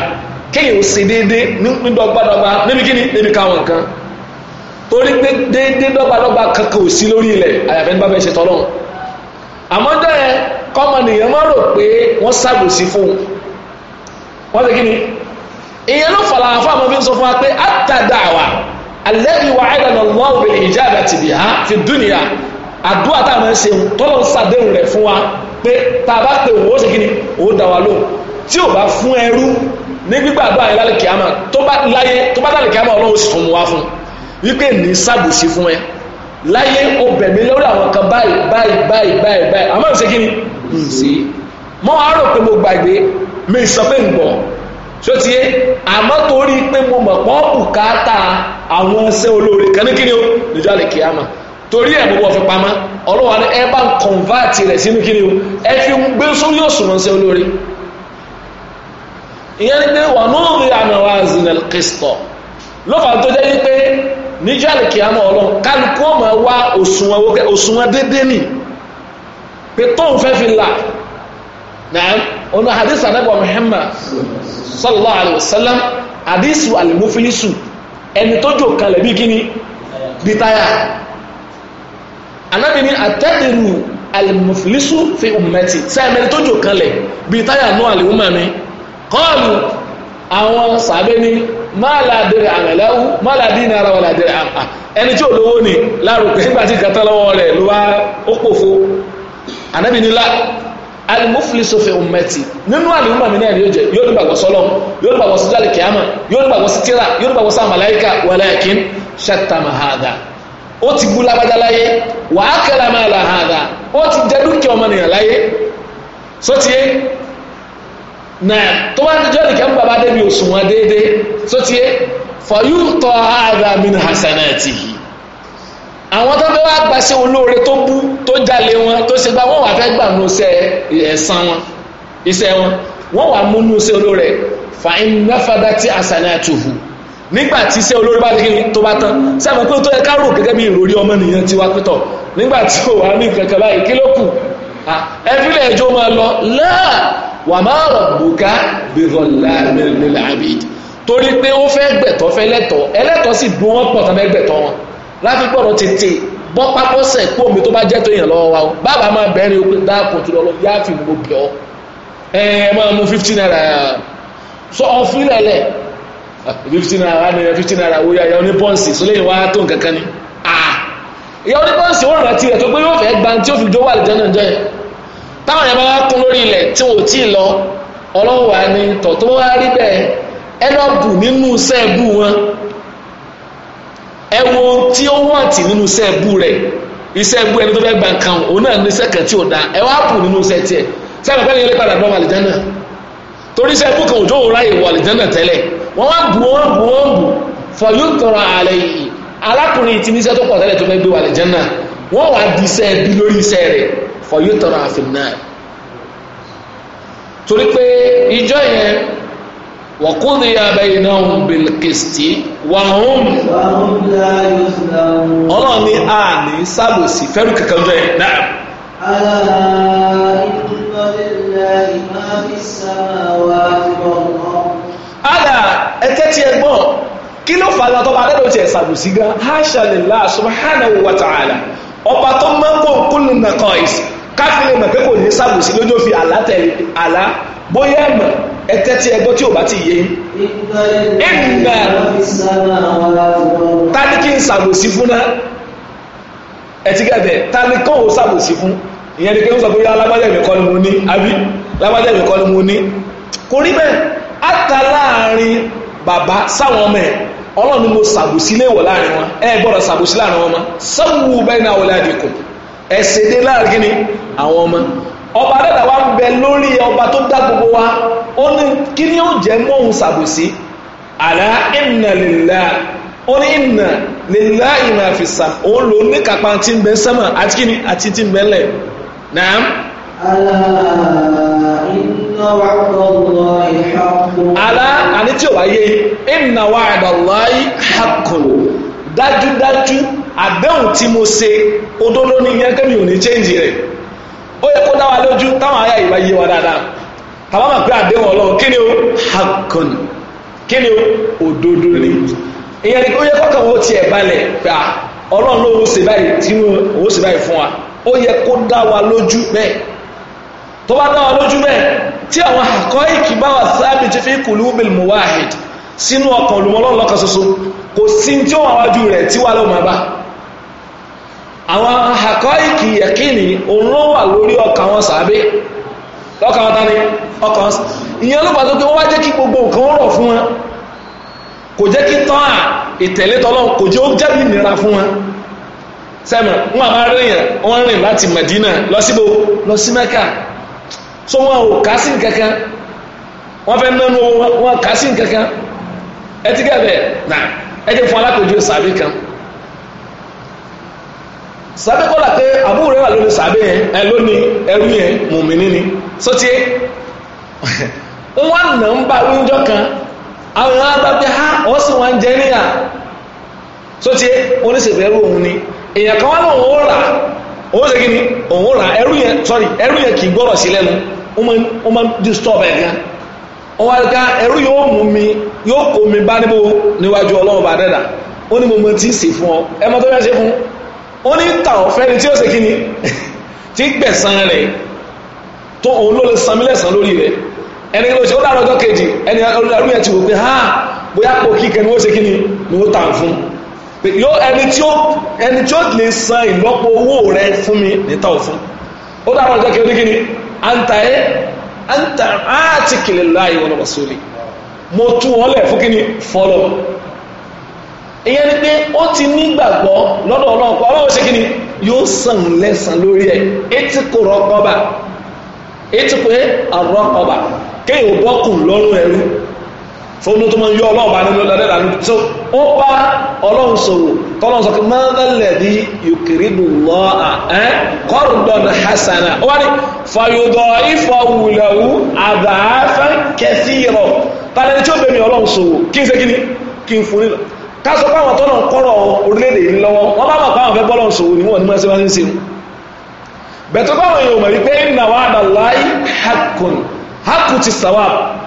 kéèyàn ó ṣe dédé nígbàgbàdàgbà níbi kí ni níbi káwọn nǹkan torí pé déédéé dọ́gbadọ́gba kankan ò sí lórí ilẹ̀ àyàfẹ́ ní bá fẹ́ ṣe tọ́lọ́run àmọ́ dẹ́rẹ́ kọ́mọnìyàn má rò pé wọ́n ṣàgbòsí fún wọ́n ṣe kí ni ìyẹn ló fọ̀lá àfọ́ àmọ́ fi ń sọ fún wa pé àtàdàwà alẹ́bí wa àìdànà lọ́wọ́ bẹ̀rẹ̀ ìjà àbàtì bìí ha fi dúnìyà àdúrà táwọn ṣe tọ́lọ́ ń ṣàdéhùn rẹ̀ fún wa pé tá a bá pè wọ́n ó ṣe kí ni òun dà wá lóhùn tí ò bá fún ẹrú ní gbígbàdúrà yẹn lálẹ́ kìámà tó bá láyé tó bá lálẹ́ kìámà ọlọ́run sì tún mú fún un wípé ní sábòsí fún ẹ láyé ọbẹ̀ mi lórí àwọn kan báyìí báyìí báyìí báyìí báyìí àmọ́ ìṣe kí ni ǹsí mọ́ àárò pé mo gbàgbé mi sọ pé ń bọ̀ ṣó ti yé àmọ́ torí pé mo mọ̀ pọ́ bùkátà àwọn ẹsẹ̀ olóore kan ní kí ni o níjọ́ àlè kìámà torí ẹ̀ gbogbo ọ̀fẹ́ pamọ́ ọlọ́wà ní ẹ bá ń kọ̀nvátì rẹ̀ sínú kí ni o ẹ fi ń gbé sórí òṣùwọ̀n ẹsẹ̀ olóore ìyẹn ni pé wà náà rí àmọ́ wa zinel kristo lọ́fà tó jẹ́ pé níjọ́ àlìkìyàmọ̀ ọlọ́run kálukú ọmọ wa òṣùwọ̀n dédé nì pé tóun fẹ́ fi là náà ọ̀nà hadith anabi muhammad sallallahu alayhi wa sallam hadith alimofilisu ẹni tó jò kalẹ̀ bí kíni bí táyà anabi ni atẹ́dẹ̀rù alimofilisu fi ummati sẹ́ẹ̀mẹ́ni tó jò kalẹ̀ bí táyà náà àlè àwọn sàbẹ́ ní máàládìrí àmẹ́lẹ́wú máàládìrí ara wà ládìrí àmà ah, ẹni tí ò lówó ní lárùkẹ́ nígbàtí kàtà lọ́wọ́ rẹ̀ ló wá ó pòfo anábìnilá alimufiliso fi ummeti nínú àlùmọ́ mi náà ni yóò jẹ yóò nígbàgbọ́ sọ́lọ́ yóò walakin ṣàtàmà hàdà ó ti bú lágbájá láyé wàá kẹlẹ́ máa là hàdà ó ti jẹ na tó bá ti jọ́ọ̀dì kẹ́mú bàbá débi òṣùwọ̀n déédéé tó tiẹ́ fọyú tọ́ ààrẹ amínú hasanati yìí àwọn tó fẹ́ wá gbaṣẹ́ olóore tó bú tó jalè wọn tó ṣe gba wọn wà fẹ́ gbà nù sẹ́ ẹ̀sán wọn iṣẹ́ wọn wọ́n wà mú nù sí olóore fàáyín náfàdá tí àṣàní àtòhù nígbà tí iṣẹ́ olóore bá dégbé tó bá tán sáàmù pé tó yẹ ká rò gẹ́gẹ́ bí ìròrí ọmọ nìyẹn ti wá pẹ́tọ̀ nígbà tí ò wá ní kankan báyìí kí ló kù ẹ̀fílẹ̀ ẹjọ́ máa lọ láà wà má rabbuka bi zallamin lil abid torí pé ó fẹ́ gbẹ̀tọ́ fẹ́ lẹ́tọ̀ ẹlẹ́tọ̀ sì dùn wọ́n pọ̀ tán fẹ́ gbẹ̀tọ́ wọn láti gbọ́dọ̀ tètè bọ́ pápọ́sẹ̀ pé omi tó bá jẹ́ tó yàn lọ́wọ́ wa o bàbá máa bẹ̀rẹ̀ ogun dáàpọ̀ tó lọ́lọ́ yá fi mú bẹ̀ ọ́ ẹ máa mú fifty naira sọ ọfin lẹ̀lẹ̀ ah, fifty naira ní fifty naira wo yàrá oní pọ́ǹsì sọ lẹ́yìn tó nǹkan kan ni ah, ìyá oní pọ́ǹsì ó rántí rẹ̀ tó pé yóò fẹ́ gba tí ó fi dówó àlùjá náà jẹ́ táwọn yẹn bá wá kún lórí ilẹ̀ tí wọn ò tí ì lọ ọlọ́wà ni tọ̀tọ̀ wá rí bẹ́ẹ̀ ẹ lọ bù nínú sẹ́ẹ̀bù wọn ẹ wo tí ó wọ̀ntì nínú sẹ́ẹ̀bù rẹ̀ iṣẹ́ẹ̀bù ẹni tó fẹ́ gba nǹkan òun náà ní sẹ́kàn tí ò da ẹ wá bù nínú sẹ́ẹ̀ tiẹ̀ sẹ́ẹ̀bù pẹ́ẹ́lí yẹn lè padà bọ́ àlìjánà torí sẹ́ẹ̀bù kan òjò òun ráyè wọ àlìjánà tẹ́lẹ̀ wọ́n wá bù wọ́n bù wọ́n bù fọyún tọrọ àlẹ́ yìí alákùnrin ti ní iṣẹ́ tó pọ̀ tẹ́lẹ̀ tó fẹ́ gbé wọ àlìjánà wọ́n wá di iṣẹ́ lórí iṣẹ́ rẹ̀ fọyútọrọ àfìnnáà torí pé ìjọ yẹn wọ̀kúndì abẹ́yìn náà ń bil qisti wàhùn ọlọ́run ní àní sábòsì fẹ́rù kankan jọ yẹn náà. Ada ẹ̀tẹ́ tí ẹ gbọ́n kí ló fà lọ́tọ́ bá dẹ́dọ̀ tí ẹ sàbòsí gan? Hasha lillah subhanahu wa ta'ala ọba tó máa ń kóhun kúlù nàkọ ìsì káfílẹ̀ mọ̀ pé kò ní sàbòsí lójú fi àlá tẹ̀lé àlá bóyá ẹ̀mọ̀ ẹ̀tẹ́ tí ẹgbọ́ tí ò bá ti yé ẹ̀mà tani kí n sàbòsí fún náà ẹ̀tí gẹ̀ẹ́dẹ̀ tani kàn ó sàbòsí fún ìyẹn ni pé ó sọ pé alábàjẹ́ mi kọ́ ni mo ní àbí alábàjẹ́ mi kọ́ ni mo ní ọlọ́run ni mo ṣàbòsí léèwọ̀ láàrin wọn ẹ gbọ́dọ̀ ṣàbòsí láàrin wọn ma sọ́wọ́ bẹ́ẹ̀ náà wọlé àdìkù ẹ̀sẹ̀ dé láàrin kí ni àwọn ọmọ ọba dada wa ń bẹ lórí ọba tó dá gbogbo wa ó ní kí ni ó jẹ́ mọ́hun ṣàbòsí àlá inna lillahi ó ní inna lillahi ma fi òun ló ní kápá tí ń bẹ sẹ́mà àti kí ni àti tí ń bẹ lẹ̀ náà. àlá inna wa'dallahi haqqun. àlá àní tí ò wáyé dájúdájú àdéhùn tí mo se òdodo ní yẹn kẹ́mi ò ní rẹ̀ ó yẹ kó dáwà lójú táwọn ayá ìwà yé wa dáadáa tàbá mà pé àdéhùn ọlọ́run kí ni ó haqqun kí ni ó òdodo ni ìyẹn ni ó yẹ balẹ̀ pé ah, ọlọ́run ló báyìí tí báyìí fún wa ó yẹ kó lójú bẹ́ẹ̀ tó bá dá wa lójú bẹ́ẹ̀ tí àwọn àkọ́ ìkìbá wà sábì ti fi kùlú bil muwahid sínú ọkàn olùmọ́lọ́run lọ́kan ṣoṣo kò sí tí ó wà wájú rẹ̀ tí wà lọ́mọ bá àwọn àkọ́ ìkì yẹ̀kínì òun ló wà lórí ọkàn wọn sàbẹ́ lọ́kàn wọn tani ọkàn wọn ìyẹn ló pàtó pé wọ́n wá jẹ́ kí láti Madina lọ sí Mẹ́kà so wọn ò kà sí nkankan wọn fẹ́ nánú wọn kà nkankan ẹ ti gẹ̀ bẹ́ẹ̀ nà ẹ jẹ́ fún alákòjú sàbí kan sàbí kọ́lá pé àbúrò wà lónìí sàbí yẹn ẹ lónìí ẹrú yẹn ha wọn jẹ níyà oníṣègùn ẹrú òun ni èèyàn kan wà rà òun ṣe kí ó máa ń disturb ẹ̀ gan wọ́n wá ká ah, ẹ̀rú yóò mú mi yóò kó mi bá níbo níwájú ọlọ́run bá dẹ́dà ó ní mo mọ tí ń ṣe fún ọ ẹ mọ tó fẹ́ ṣe fún ó ní ta ọ̀fẹ́ ni tí ó ṣe kíni tí gbẹ̀san rẹ̀ tó òun ló lè san mí lẹ́san lórí rẹ̀ ẹni ló ṣe ó dàrọ̀ ọjọ́ kejì ẹni olùdarí ẹ̀ ti wò pé ha ah, bóyá pò kíkẹ́ ni ó ṣe kíni ni ó tàn fún ẹni tí ó ẹni tí ó lè san ìlọ́po owó rẹ̀ fún mi ní ta ọ̀fún ó dàrọ̀ ọjọ́ kejì kíni anta ẹ e? anta aati lillahi wal rasuli mo tú wọn lẹ̀ fún kíni fọlọ́ ìyẹn ni pé ó ti nígbàgbọ́ lọ́dọ̀ ọlọ́run pa ọlọ́run ṣe kíni yóò sàn lẹ́sàn lórí ẹ̀ etí kò rọ́kọ́bà etí pé àrọ́kọ́bà kéèyàn bọ́kùn lọ́rùn ẹrú fóònù tó máa ń yọ ọlọ́ọ̀bá nínú lọ́dẹ́dà nínú tó ó bá ọlọ́run sọ̀rọ̀ tọ́lọ́run sọ pé mọ́lẹ́lẹ̀ ní yukiridu lọ́à ẹ́ kọ́rùndọ̀n hasana ó wá ní fàyọ̀dọ̀ ifọ̀ wùlẹ̀wù àdáfẹ́ kẹfìrọ̀ tàbí tí ó bẹ̀rẹ̀ ọlọ́run sọ̀rọ̀ kí n ṣe kí ni kí n fún nílò ká sọ pé tọ́nà kọ́rọ̀ orílẹ̀-èdè yìí lọ́wọ́ wọ́n bá mọ̀ pé fẹ́ bọ́lọ̀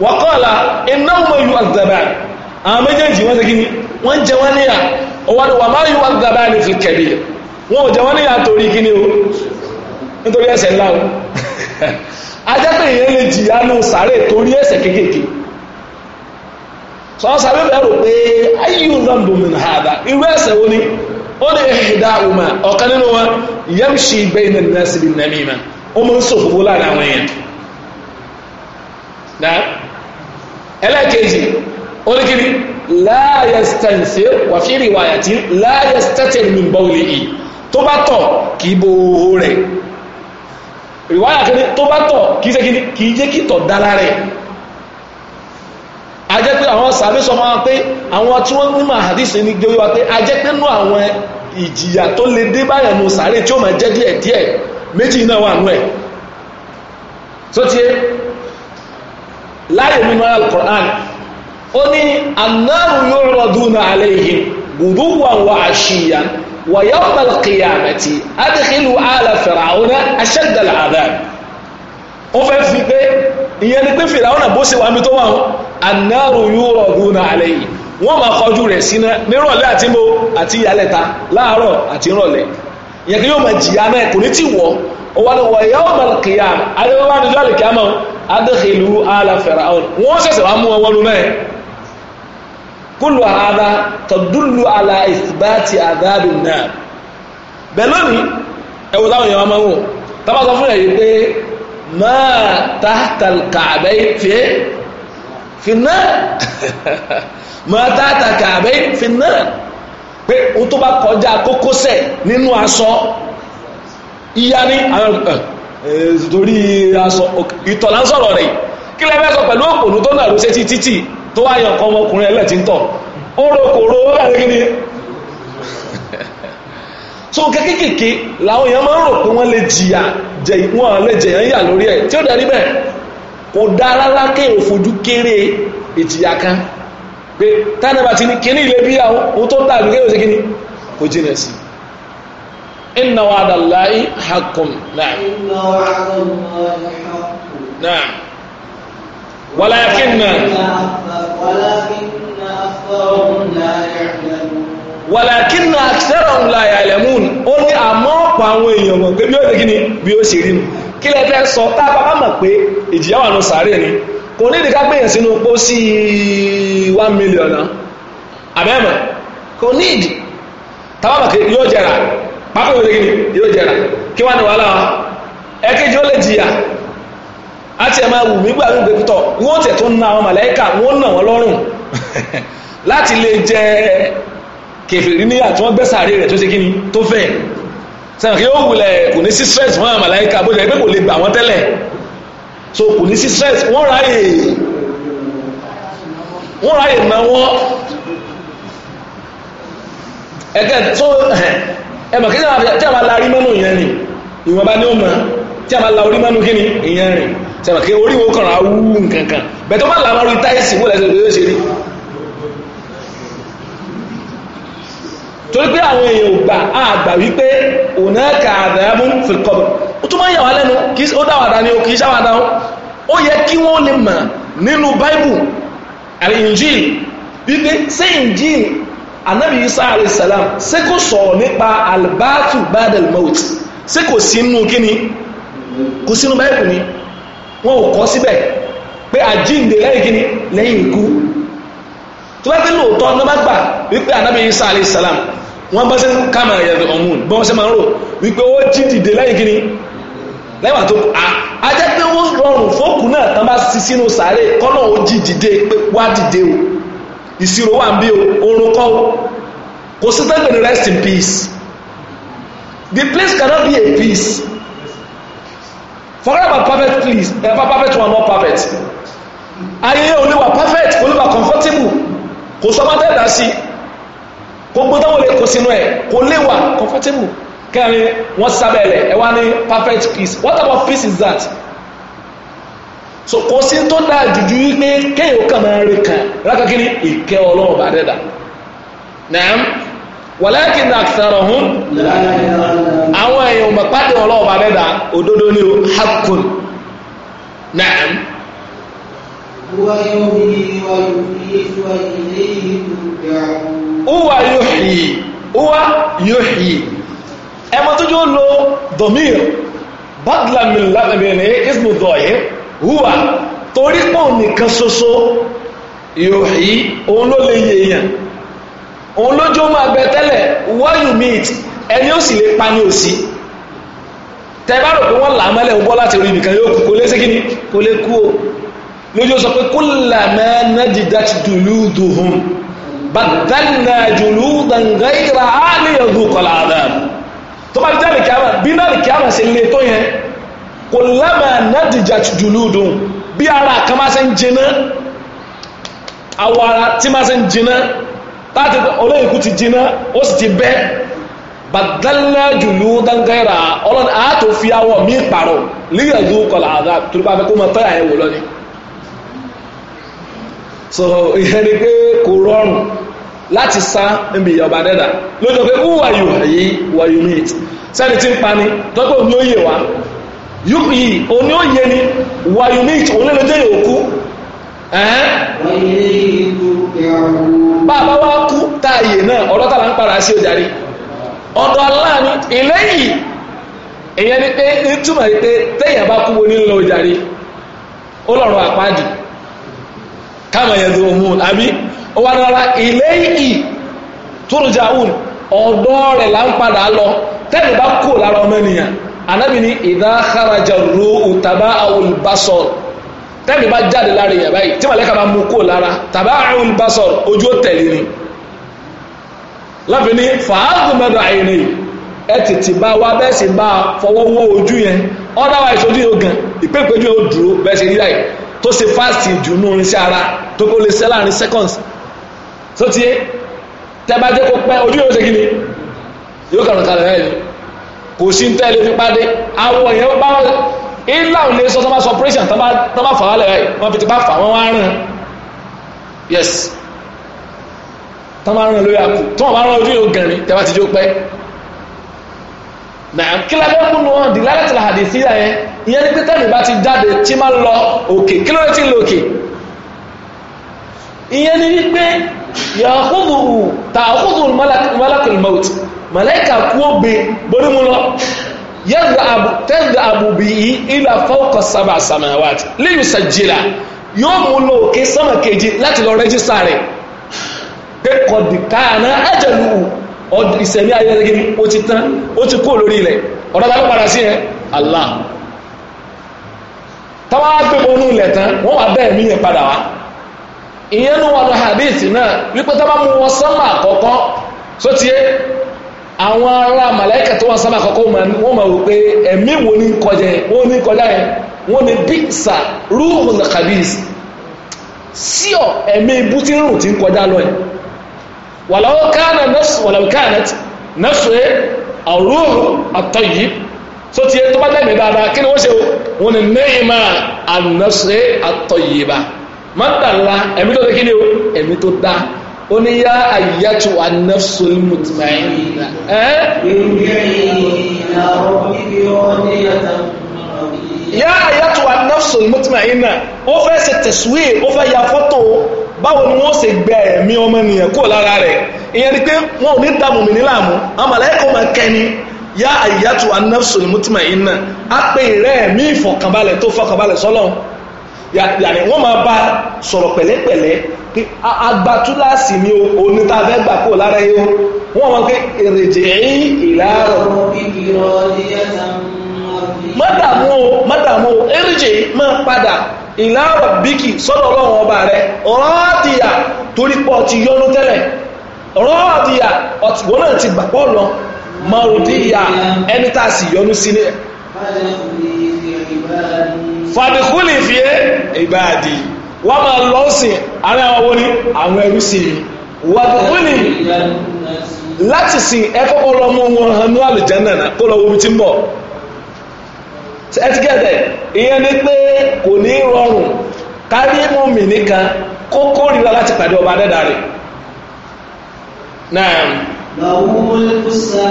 wàkọ́ọ̀lá iná mọ̀ yíò àgbàbà àwọn méjèèjì wọ́n tẹ́gí wọ́n jẹ wọ́n níyà wọ́n wà máa yíò àgbàbà ní fi kẹ̀bí wọ́n ò jẹ wọ́n níyà torí kí ni o nítorí ẹsẹ̀ ńlá o ajẹ́pẹ̀ ìyẹn lè jìyà ní sàárè torí ẹsẹ̀ kéékèèké sọ sàárè bẹ̀rù pé ayíyù náà domin hàdà irú ẹsẹ̀ wo ni ó ní ìdá ọmọ ọ̀kan nínú wọn yẹ́mṣì bẹ́ẹ̀ náà sí ní ó mọ́ ń sòfòfò láàrin àwọn èèyàn ẹlẹ́ẹ̀kejì oníkiri láyẹ̀stẹ̀nsì wàfíìrì wàyàtí láyẹ̀stẹ̀tẹ̀mí bọ́ọ̀lì yìí tó bá tọ̀ kì í bo oho rẹ̀ ìwáyà kí ni tó bá tọ̀ kì í ṣe kì í jẹ́ kí tọ̀ dá lára rẹ̀ a jẹ́ pé àwọn sàbí sọ máa pé àwọn tí wọ́n nímọ̀ àdìsí ní gbé wá pé a jẹ́ pé nú àwọn ìjìyà tó lè dé báyẹ̀ nù sàárè tí ó máa jẹ́ díẹ̀ méjì náà wà nú ẹ̀ tó ti láyé nínú al-Qur'an ó ní annáru yu'raduna alayhim guduwan wa ashiyan wa yawma al-qiyamati adkhilu ala fir'auna ashadda al-adhab ó fẹ́ fi pé ìyẹn ni pé fir'auna bó ṣe wà mí tó wà ó annáru yu'raduna alayhim wọ́n máa kọjú rẹ̀ síná nírọ̀lẹ́ àti mo àti ìyálẹ̀ta láàárọ̀ àti ìrọ̀lẹ́ ìyẹn kí yóò máa jìyà náà kò ní tí wọ́ adéhìlú ala fẹ̀ràún wọ́n sẹ̀sẹ̀ wá mú wọn mẹ́ kúlù àádá tọ̀dúlù ala ìsìbáàtì àdáàbì náà bẹ́ẹ̀ lónìí ẹ̀wọ̀n táwọn èèyàn máa ń wò tábà sọ fún ẹ̀yìn pé máa tahta al-ka'bayn fi fi máa tahta al-ka'bayn fi pé o tó bá kọjá kókósẹ̀ nínú aṣọ ìyá ní àwọn ẹ̀kọ́ Eh, torí ìtọ̀ là ń sọ̀rọ̀ rẹ̀ kí lẹ fẹ́ sọ pẹ̀lú òpònú tó nàró sétí títì tó wá yan kan ọmọkùnrin ẹlẹ́ tí ń tọ̀ ó ro kòrò ó rẹ̀ kí ni so kékèké làwọn èèyàn máa ń rò pé wọ́n lè jìyà jẹ wọ́n lè jẹyàn yà lórí ẹ̀ tí ó dẹ̀ níbẹ̀ kò dá rárá kéèyàn fojú kéré ìjìyà kan pé tánàbà ti ní kíní ilé bí àwọn tó tàbí kéèyàn ṣe kíní kò jìnà sí i إن وعد الله حق نعم إن وعد الله حق نعم ولكن ولكن أكثرهم لا يعلمون ولكن أكثرهم لا يعلمون ó ní àmọ́ ọ̀pọ̀ àwọn èèyàn mọ̀ pé bí ó ṣe kí ni sọ tá a bá bá mọ̀ pé ìjìyà wà ni kò ní ìdíkà gbèyàn sínú pósí one million náà àbẹ́mọ̀ kò ní ìdí táwọn mọ̀ yóò jẹrà pápá òde gini yóò jẹrà kí wá ní wàhálà wa ẹ̀kejì lè jìyà àti ẹ̀ wù mí gbà wípé wọ́n tẹ̀ tó ń na àwọn màláíkà wọ́n nà wọ́n lọ́rùn láti lè jẹ kèfèrí ní àti wọ́n gbẹ́sàárè rẹ̀ tó ṣe kí ni tó fẹ́ sẹ́wọ̀n kí ó wulẹ̀ kò ní sí stress wọ́n àwọn màláíkà bó jẹ́ pé kò so ẹmọ̀ kí tí a bá la rí mọ́nù ìyẹn rìn ìwọ̀n bá ní ó mọ̀ tí a bá la orí mọ́nù kíni ìyẹn rìn sẹ́mọ̀ kí orí wo kàn áwú nkankan bẹ̀ tó bá la orí táìsì wọ́n lẹ́sẹ̀ lóyún ṣe rí torí pé àwọn èèyàn ògbà àgbà wípé òun ẹ̀ka àdàmú fìkọ́bù ó tún máa ń yà wá lẹ́nu kì í ó dáwàdá ni ó kì í ṣàwàdá ó yẹ kí wọ́n lè mọ̀ nínú báíbù àrí Injil wípé sí Injil anabi isa alayhisalam ṣé kò sọ̀rọ̀ nípa albatu badal maut ṣé kò sínú kíni kò sínú báyìí kùnì wọn ò kọ́ síbẹ̀ pé àjíǹde lẹ́yìn kíni lẹ́yìn ikú tó bá pé lóòótọ́ ló bá gbà wípé anabi isa alayhisalam wọ́n bá ṣe ń kàmà ẹ̀rẹ̀ ọ̀mùn bọ́n ṣe máa ń rò wípé ó jí dìde lẹ́yìn kíni lẹ́wà tó a jẹ́ pé ó rọrùn fókù náà tán bá sisi sínú sàárè kọ́nà ó jí dìde pé wá dìde o ìṣirò wà ń bí oorun kọ́ kò sí pé pẹ̀lú rest in peace the place cannot be a peace forget about perfect please ever perfect one not perfect ayẹyẹ oníwà perfect oníwà comfortable kò sọ máa tẹ́lá sí gbogbo táwọn olè kò sínú ẹ̀ kò léwà comfortable kẹrin wọ́n sábẹ̀ rẹ̀ ẹ wá ní perfect peace what about peace is that so kò sí tó dáa jùjú wípé kéèyàn kàn máa rè kàn rákàkiri ìkẹ́ ọlọ́run bá dẹ́dà nàám walakin aktharuhum àwọn èèyàn mọ̀pádé ọlọ́run bá dẹ́dà òdodo ni o hakun nàám. uwa yuhyi uwa yuhyi ẹ mọ tó jọ lo domir badla min ladabini ismu dọ̀yìn. hùwà torí pọ̀ nìkan ṣoṣo yòòhí òun ló lè yè èèyàn òun lójú ó máa bẹ tẹ́lẹ̀ why you meet ẹni ó sì lè pa ní òsì tẹ rò pé wọ́n là á mọ́lẹ̀ ń bọ́ láti rí ibìkan yóò kú kó lé sí kíni kó lè kú o lójú ó sọ pé kó làmẹ́ nẹ́dìdàtì dùlúdùhùn bàtàlá jùlúdàn gáírà á lè yọ̀dù kọ̀lá àdàm tó bá jáde kíámà bí náà kíámà ṣe lè tó yẹn kò lámà nádìjà jùlúdùn bí ara kan máa ṣe ń jiná àwọ̀ ara tí máa ṣe ń jiná láti olóyìnkú ti jiná ó sì ti bẹ́ bàdánlá jùlú dángẹ́ra ọlọ́ni àátò fi awọ mí pàrọ̀ líyàjú kọlà àdá tó fẹ́ kó máa tọ́yà ẹ̀wò lọ́ni so ìyẹn ni pé kò rọrùn láti sá níbi ìyọba dẹ́dà lójú pé who are you àyè who are you meet sẹ́ni tí ń pani tọ́kọ̀ ní ó yè wá yìí òní ó yẹ ni wayunit òun lè jẹ́ òkú bàbá wa kú táàyè náà ọ̀rọ̀ tàbí ń para sí ojàrí ọ̀dọ̀ aláàánú ilé èyàn ni pé nítumọ̀ pé téèyàn bá kú wo ní lọ ojàrí ó lọ́rọ̀ àpáàdì káàmọ̀ tó mú àbí ó wà lára ilé tó rọjà òun rẹ̀ là ń padà lọ bá kú lára ọmọ ènìyàn anábì ní ìdá kharaja ruhu tàbá awul basor tẹ́mi bá jáde lára èèyàn báyìí tí màlẹ́kà bá mú kó lára tàbá awul basor ojú ó tẹ̀lé ni láfi ní fàáàgùn mẹ́dọ̀ àìrìn ẹ tètè bá wa bẹ́ẹ̀ sì bá fọwọ́ wọ́ ojú yẹn ọ̀dà wa ìṣojú yóò gan ìpépéjú yóò dúró bẹ́ẹ̀ sì rí tó ṣe fásitì ìdùnnú irinṣẹ́ ara tó kó lè ṣe láàrin seconds tó ti yé tẹ́ bá jẹ́ kó pẹ́ ojú yóò ṣe kí ni yóò kàrọ̀ kalẹ̀ báyìí kò sí tẹ́lẹ̀ fi pàdé àwọn èèyàn bá ilá ò lè sọ tọ́bá sọ operation tọ́bá fà wálẹ̀ rẹ̀ wọ́n fi ti bá fà wọ́n wá rìn yes tọ́bá rìn lórí àpò tọ́wọ́n bá rán ojú yóò gẹ̀rin tẹ́bá ti jó pẹ́ náà kí lẹ́gbẹ́ múnú wọn di lálẹ́ tìlà àdì sí yẹn ìyẹn ní pété mi bá ti jáde tí máa lọ òkè kí ló lè ti lọ òkè ìyẹn ní wípé yàhùdù tàhùdù mọ́lákùlmọ́tì màláìkà kú ògbé borí mu lọ tẹ́gbà àbùbí yìí ilà fọ́ọ̀kọ̀ sábà samawati léyìn sàjìlá yóò mú lọ òkè sánmà kejì láti lọ rẹ́jísà rẹ̀ pé kọ̀dì káàná ájẹ̀lú ìsẹ̀mí ayẹ́rẹ́gí ó ti tán ó ti kó lórí ilẹ̀ ọ̀rọ̀ bá Allah táwọn agbébọn inú ilẹ̀ tán wọ́n wà bẹ́ẹ̀ mí yẹn padà wá ìyẹn ní wọn hadith náà wípé táwọn àwọn ará màláìkà tó wọ́n sábà kọ́kọ́ wọ́n máa wò pé ẹ̀mí wo ní kọjá wọ́n ní kọjá yẹn wọ́n ní bíṣà rúhùn kàbíyèsí sí ọ̀ ẹ̀mí ibú tí ń rùn tí ń kọjá lọ yẹn wàlàó kánà nọ́ọ̀sì wàlàó kánà nọ́ọ̀sì àrùhùn àtọ̀yí tó ti tó bá dẹ̀mí dáadáa kí ni wọ́n ṣe wọ́n ní nẹ́ẹ̀mà ànọ́ọ̀sì àtọ̀yí bá mọ́tàlá ẹ̀mí tó dá ó ní yá àyíyájú an-nafsul mutma'inna. yá àyíyájú an-nafsul mutma'inna ó fẹ́ ṣe taswir ó fẹ́ ya fọ́tò báwo ni wọ́n ṣe gbẹ ẹ̀mí ọmọnìyàn kúrò lára rẹ̀ ìyẹn ni pé wọn ò ní dààmú mi nílàmú àmàlẹ́kọ̀ọ́ máa kẹ́ni yá àyíyájú an-nafsul mutma'inna á pè rẹ̀ ẹ̀mí ìfọ̀kànbalẹ̀ tó fọkànbalẹ̀ sọ́lọ́run yàrá wọ́n máa bá sọ̀rọ̀ pẹ̀lẹ́pẹ̀lẹ́ pé agbatúláàsì ni onítàfẹ́ gbà kó lára yìí wọ́n máa pé èrèjì ẹ̀yìn ìlàrọ̀ mọ́dàmú o mọ́dàmú o èrèjì máa padà ìlàrọ̀ bíkì sọ́dọ̀ ọlọ́run ọba rẹ̀ rọ́ọ̀dìyà torí pọ̀ ti yọnu tẹ́lẹ̀ rọ́ọ̀dìyà ọ̀tìwọ́n ti gbà pọ̀ lọ mọ̀rùndíyà ẹni tá a sì yọnu sílẹ̀ fàdíkúlì fìyé ìbáàdì wọ́n máa lọ sí àárín àwọn wọ́n ní àwọn ẹrú sí mi wàdíkúlì láti sìn wọn ní àlùjànnà kó lọ wo ibi ń bọ̀ ìyẹn ni pé kò ní rọrùn kárí mọ́mì nìkan kó kórìíra láti pàdé ọba dẹ́dà rẹ̀ náà. lọ́wọ́ sí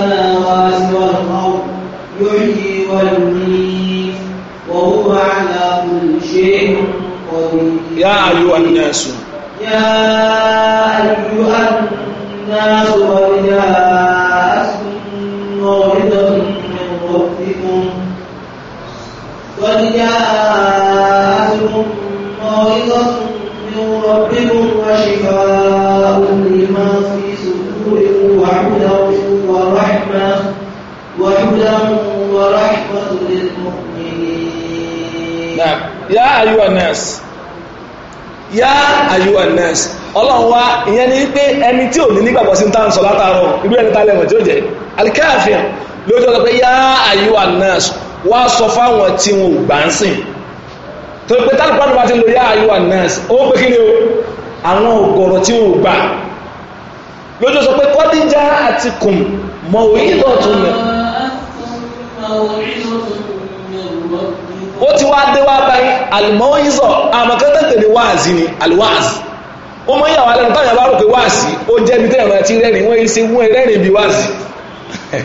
yóò yí wọ́n وهو على كل شيء قدير يا أيها الناس يا أيها الناس قد جاءتكم موعظة من ربكم قد جاءتكم موعظة من ربكم وشفاء Ya ayúwa nẹ́ẹ̀sì yá ayúwa nẹ́ẹ̀sì ọlọ́run wá ìyẹn ni pé ẹni tí ò ní nígbàgbọ́ sí ta ń sọ látàárọ̀ irú ẹni tálẹ̀ mọ̀ tí ó jẹ́ alikáàfin lójú ọ̀sán pé yá ayúwa nẹ́ẹ̀sì wá sọ fáwọn tí wọn ò gbà ń sìn tó pé tálùkù àdúrà ti lò yá ayúwa nẹ́ẹ̀sì ó pé kí ni o àwọn ògọ̀rọ̀ tí wọn ò gbà lójú sọ pé kọ́díjà àti kùn mọ̀ òyìnbó tún mẹ́ ó ti wá dé wá báyìí àlùmọ́yìnzọ̀ àmọ̀kẹ́tẹ̀ tẹ̀lé wáàzì ni àlùwáàzì ó mọ ìyàwó alẹ́nu táwọn yàrá rò pé wáàzì ó jẹ́ ibi tẹ̀yàn àti rẹ́rìn wọ́n ṣe wọ́n rẹ́rìn bí wáàzì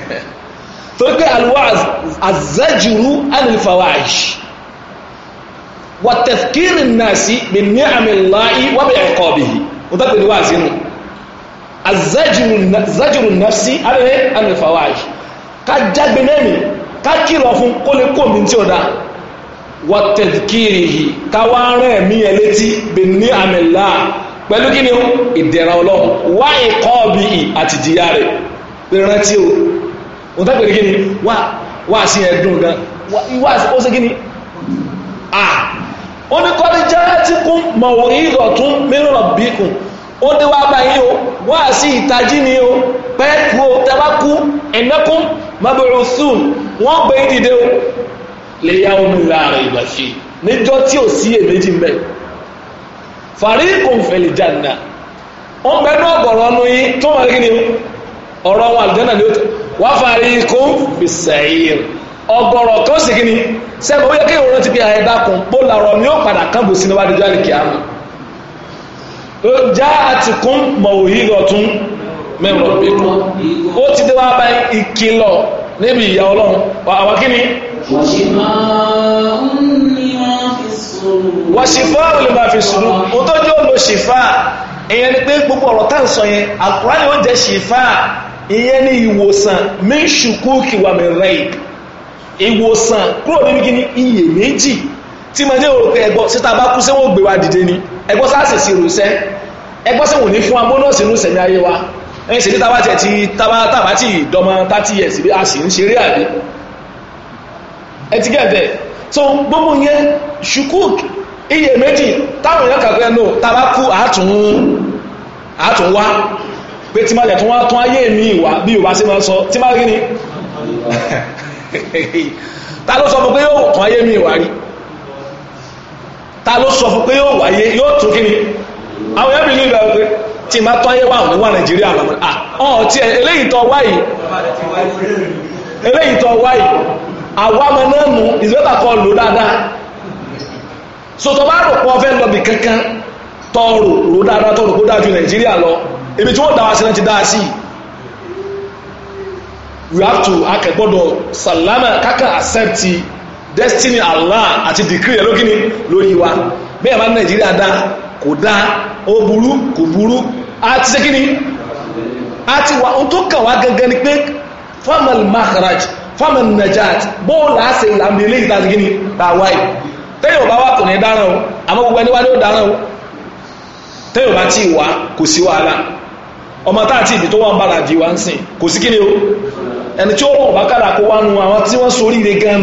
torí àlùwáàzì àzẹ́jùrú àlùfàwáàjì wà tẹ̀fkírì náà sí bí ní àmì láì wọ́n bí ẹ̀kọ́ bì í ó tẹ́ tẹ̀lé wáàzì nù àzẹ́jùrú náà sí àlùfàwáàjì ká jágbe lẹ́mìí ká kìlọ̀ fún kó lè tí ó dáa wọ́tẹ̀dìkìrìhì káwárẹ̀ mí ẹ létí bẹ̀ní àmìlá pẹ̀lú kí ni ìdẹ̀ra ọlọ́run wá ikọ́ bí i àti ìjìyà rẹ̀ rántí o wọ́n tẹ́ pẹ̀lú kí ni wá sí ẹ̀dùn gan wá ó sì kí ni à ó ní kọ́ ní jẹ́rẹ́tìkún mọ̀wò ìrọ̀ tún mìíràn bíkùn ó ní wá báyìí o wá sí ìtají ni o pẹ́ẹ́kù o tẹ́bá kú ẹ̀mẹ́kún mabẹ̀rún sùn wọ́n gbé dìde o lè yá omi ìgbà ṣe níjọ́ tí ò sí èméjì mbẹ́ fàrí òǹfẹ̀lì jàǹdà wọ́n bẹ ní ọ̀gọ̀rọ̀ ọ̀nù yín tó wà ní kíni ọ̀rọ̀ wọn ni ó tẹ̀ wá fàrí kún bìsẹ̀yìn ọ̀gọ̀rọ̀ kan sì kíni sẹ́mi ó yẹ kí ìwòrán ti fi àyè dákun pó làrọ̀ mi ó padà kábò sí níwájú jọ́ àlìkì àmà já àtìkún mọ̀wòyí lọ́tún mẹ́rọ̀ ó ti dé wá bá níbi ọlọ́run àwọn kíni wọ́n ṣìfà olùmọ̀ fi sùúrù o tó jẹ́ olù ṣìfà ìyẹn ni pé gbogbo ọ̀rọ̀ tá ń sọ yẹn àkùránì ó jẹ́ ṣìfà ìyẹn ni ìwòsàn min ṣùkúkì wà min raib ìwòsàn kúrò nínú kí ní iye méjì tí ma jẹ́ òkè ẹgbọ́ síta bá kú sẹ́wọ́n gbé wa dìde ni ẹgbọ́ sáàsì sí ìrùsẹ́ ẹgbọ́ sẹ́wọ́n ní fún wa bónọ́ọ̀sì inú sẹ̀mí ayé wa ẹ̀yìn sí ní tábà tẹ̀ tí tábà ìdọ́mọ 30 years bí a sì ń ṣeré àbí ẹ ti gẹ̀ẹ́dẹ̀ so gbogbo yẹn ṣùkúù iye méjì táwọn èèyàn kàgbẹ́ ẹnu tàbá kú àátùn wá pé tí má lẹ̀ tún wá tún ayé mi ìwà bí Yorùbá sí máa sọ tí má rí ni ta ló sọ fún pé yóò tún ayé mi ìwà rí ta ló sọ fún pé yóò wáyé yóò tún kí ni àwọn èèyàn bìlí ìbẹ̀rù pé tí má tún ayé wà ní wà Nàìjíríà màmá ah ọ̀ tí eléyìí tó wáyìí eléyìí tó wáyìí àwa ọmọ náà nù ìsìnkẹta kọ lò dáadáa sọtọ bá rò pọ fẹ́ lọ bì kankan tọrọ rò dáadáa tọrọ kó dájú nàìjíríà lọ ibi tí wọ́n dáwà sí náà ti dáa sí we have to akẹgbọ́dọ̀ salama kaka accept destiny Allah àti decree ẹ̀ lókínni lórí wa bẹ́ẹ̀ bá nàìjíríà dá kò dá ó burú kò burú a ti ṣe kíni a wà ó tó kàn wá ni pé formal maharaj fámẹ̀ nàìjíríà bóòlù àṣẹ ìlànà ilé ìta gíní tàwa yìí téèyàn bá wà kò ní dáràn o àmọ́ gbogbo ẹni wá ní ó dáràn o téèyàn bá tí ì wá kò sí wàhálà ọmọ tá àti ìbí tó wà ń bára di wá ń sìn kò sí kíni o ẹni tí ó rọ̀ bá kàdà kó wá àwọn tí wọ́n soríire gan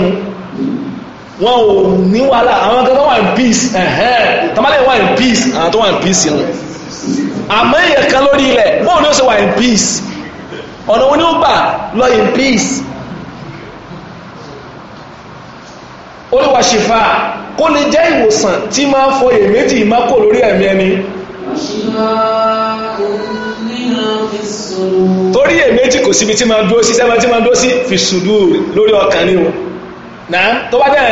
nu wọn ò ní wàhálà àwọn kan tó wà in peace ẹ̀hẹ́n tàbálẹ̀ wà in peace àwọn tó wà in peace nù àmọ́ èèyàn kan lórí ilẹ̀ bóun ni ó ṣe wà in peace ọ̀nà wo ni ó gbà lọ in peace olúwa ṣèfà kó lè jẹ́ ìwòsàn tí máa ń fọ èméjì má kò lórí ẹ̀mí ẹni torí èméjì kò síbi tí máa dúró sí sẹ́wọ́n tí máa dúró sí fi ṣùdú lórí ọkàn ní o náà tó bá dẹ̀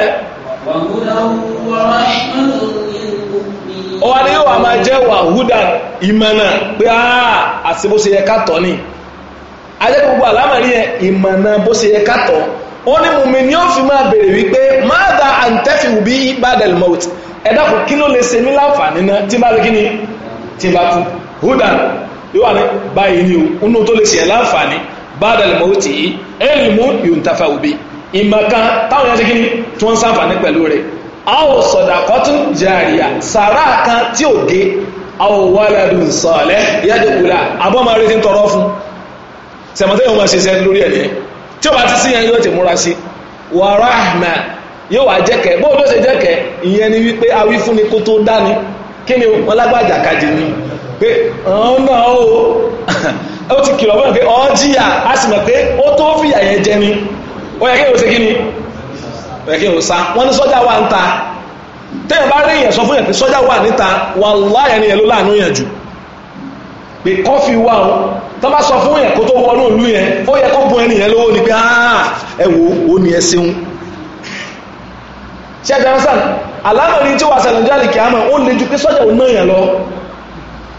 ọwọ́ ni yóò wà máa jẹ́ wàhúdà ìmọ̀nà pé áà àti bó ṣe yẹ ká ni ajẹ́ gbogbo àlámọ̀rí yẹn ìmọ̀nà bó ṣe yẹ ká ó ní mùmí ní ó fi máa bèèrè wípé mada àǹtẹ́fì wù bí ibadal mọ́t ẹ̀dàkùn kí ló lè ṣe mí láǹfààní náà tí bá lè kí ni tí bá kú hudan yíwà ní báyìí ni o inú tó lè ṣe láǹfààní badal mọ́t yìí ẹ̀lìmú yóò tafa wù bí ìmọ̀kan táwọn yẹn ṣe kí ni tí wọ́n sáǹfààní pẹ̀lú tí ó bá ti sí yẹn yóò ti múra sí wa rahma yóò wá jẹ́kẹ̀ bóun ló ṣe jẹ́kẹ̀ ìyẹn ni wípé awí fún ni kó tó dání kí ni wọn lágbàjà kájí ni pé ọ̀hún náà ó ó ti kìlọ̀ fún mi pé ọ̀ jìyà á sì mọ̀ pé ó tó fìyà yẹn jẹ ni ó yẹ kí n ò ṣe kí ni ó yẹ kí n sá wọn ní sọ́jà wà ń ta bá rí èèyàn sọ fún yẹn pé sọ́jà wà níta wà láyẹ̀ ni yẹn ló láàánú yẹn jù pé kọ́fì wà ó tó bá sọ fún yẹn kó tó wọnú ìlú yẹn ó yẹ kó bu ẹni yẹn lówó ni pé ah, ẹ wo ó ní ẹ ṣeun ṣe jẹ́rẹ́sàn aláàmà ní tí wà sàlẹ̀jáde kí ó lè ju pé sọ́jà náà yẹn lọ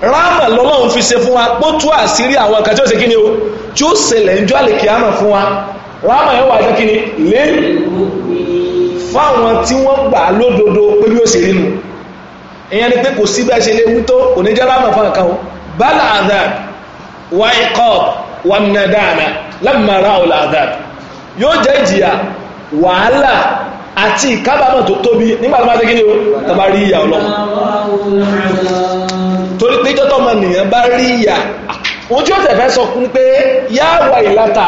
ráàmà lọ́lọ́run fi ṣe fún wa pó tú àṣírí àwọn kan tí ó ṣe kí ni o tí ó ṣẹlẹ̀ ń jọ́ àlè kí a mọ̀ fún wa ráàmà yẹn wà jẹ́ kí ni lé fáwọn tí wọ́n gbà lódodo pé bí ó ṣe rí ìyẹn ni pé kò sí ṣe léwu tó kò ní jẹ́ ráàmà fún àkàwọn bálà àdáà wáìkọ́b wà nàdáàmà lámàrá ọ̀làdàb yóò jẹ́ ìjìyà wàhálà àti ìkábàmọ̀ tó tóbi nígbàtí máa tẹ́gíní o tàbá rí ìyà ọlọ́run torí pé jọ́tọ̀ ọmọ nìyàn bá rí ìyà wọ́n tí ó tẹ̀fẹ́ sọ fún pé yáwà ìlàta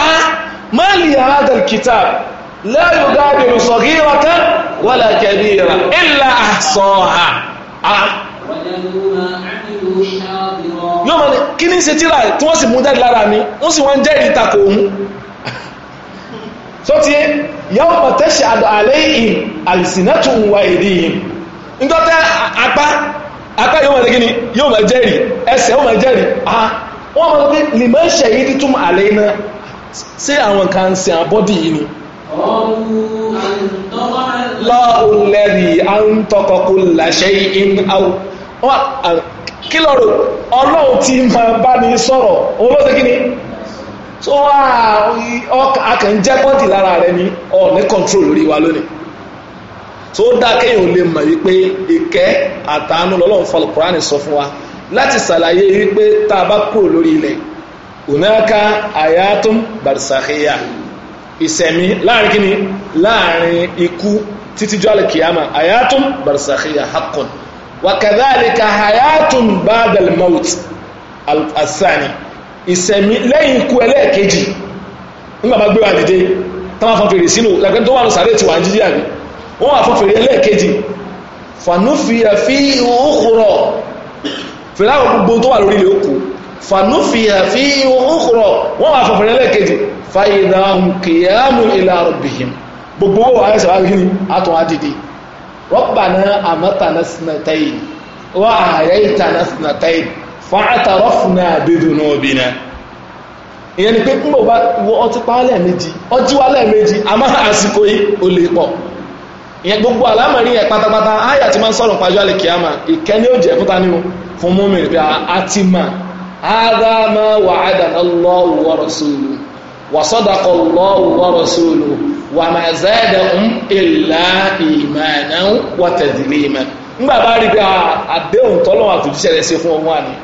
a máa lè àádọ́l kitab la yugadiru saghiratan wala kabira illa ahsaha yóò mọ̀ ní kí ní ṣe tíra tí wọ́n sì mú jáde lára mi wọ́n sì wọ́n jẹ́ ìtakò òun tó ti yàwó pàtẹ́ṣì àlẹ́ ìhìn àlìsìnàtù wà èdè ìhìn nítọ́tẹ́ apá apá yóò mọ̀ ní yóò mọ̀ jẹ́rì ẹsẹ̀ yóò mọ̀ jẹ́rì ah wọ́n mọ̀ pé lìmọ̀ ṣẹ̀ yìí ti túmọ̀ àlẹ́ iná sí àwọn kan sí àbọ́dì yìí ni lọ́ọ̀lẹ́rì à ń tọkọkù làṣẹ́ ìhìn àwọn kí lọ́rọ̀ ọlọ́run ti máa bá ní sọ̀rọ̀ òun ló ṣe kí ni tó wá akàn jẹ́ bọ́dì lára rẹ ni ọ̀ ní control lórí wa lónìí tó dákẹ́ yìí ò lè mọ̀ wípé ìkẹ́ àtàánú lọ́lọ́run fọlù Quran sọ fún wa láti ṣàlàyé wípé tá a bá kúrò lórí ilẹ̀ ònáka àyàtún bàrìsàkéyà ìsẹ̀mí láàrin kíni láàrin ikú títí jọ́lẹ̀ kìyàmà àyàtún bàrìsàkéyà hakon wàkàdáàlìkà hayatun badal maut asani ìsẹ̀mí lẹ́yìn ikú ẹlẹ́ẹ̀kejì nígbà bá gbé wa dìde táwọn afọ fèrè sínú lẹ́gbẹ́ tó wà ní sàrẹ́ tí wà ń jíjí àrí wọ́n afọ fèrè ẹlẹ́ẹ̀kejì fànúfìyà fi òkúrọ̀ fèrè àwọn ربنا أمتنا سنتين وأحييتنا سنتين فاعترفنا بذنوبنا ìyẹn ni pé kí mo bá wọ ọtí pa lẹ́ẹ̀mejì ọjí wa lẹ́ẹ̀mejì àmọ́ àsìkò yìí ó lè pọ̀ ìyẹn gbogbo àlámọ̀rí yẹn pátápátá àyà tí máa ń sọ̀rọ̀ pàjọ́ àlè kìámà ìkẹ́ ni ó jẹ́ fúta nínú fún mú mi rí pé a ti mà hādhā mā wa'adana Allāhu wa rasūluhu wa sadaqa Allāhu wa rasūluhu wàmà zẹ́ẹ̀dẹ̀ ń ìlà ìmọ̀nà wọ́tẹ̀dìlì ìmọ̀ ńgbà bá rí bí àdéhùn tọ́lọ́wọ́ àtúntíṣẹ́ rẹ̀ ṣe fún ọmọ àná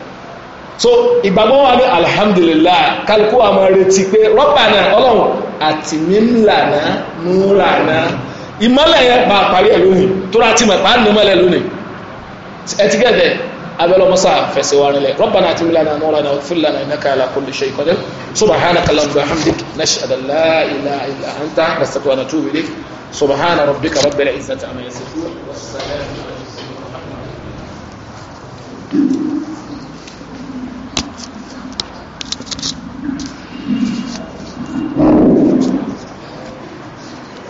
so ìgbàgbọ́ wa ní alhamdulillah kálukú wa máa retí pé rọ́bà náà ọlọ́run àti mímlànà múlànà ìmọ̀lẹ̀ yẹn bá parí ẹ̀ lónìí tó rà tìmọ̀ pàánù mọ́lẹ̀ lónìí ẹ ti gẹ̀ẹ́dẹ̀ أبلو مصا فسوان لي ربنا أتم لنا نورنا واغفر لنا إنك على كل شيء قدير سبحانك اللهم وبحمدك نشهد أن لا إله إلا أنت نستغفرك ونتوب إليك سبحان ربك رب العزة عما يصفون والسلام Thank you.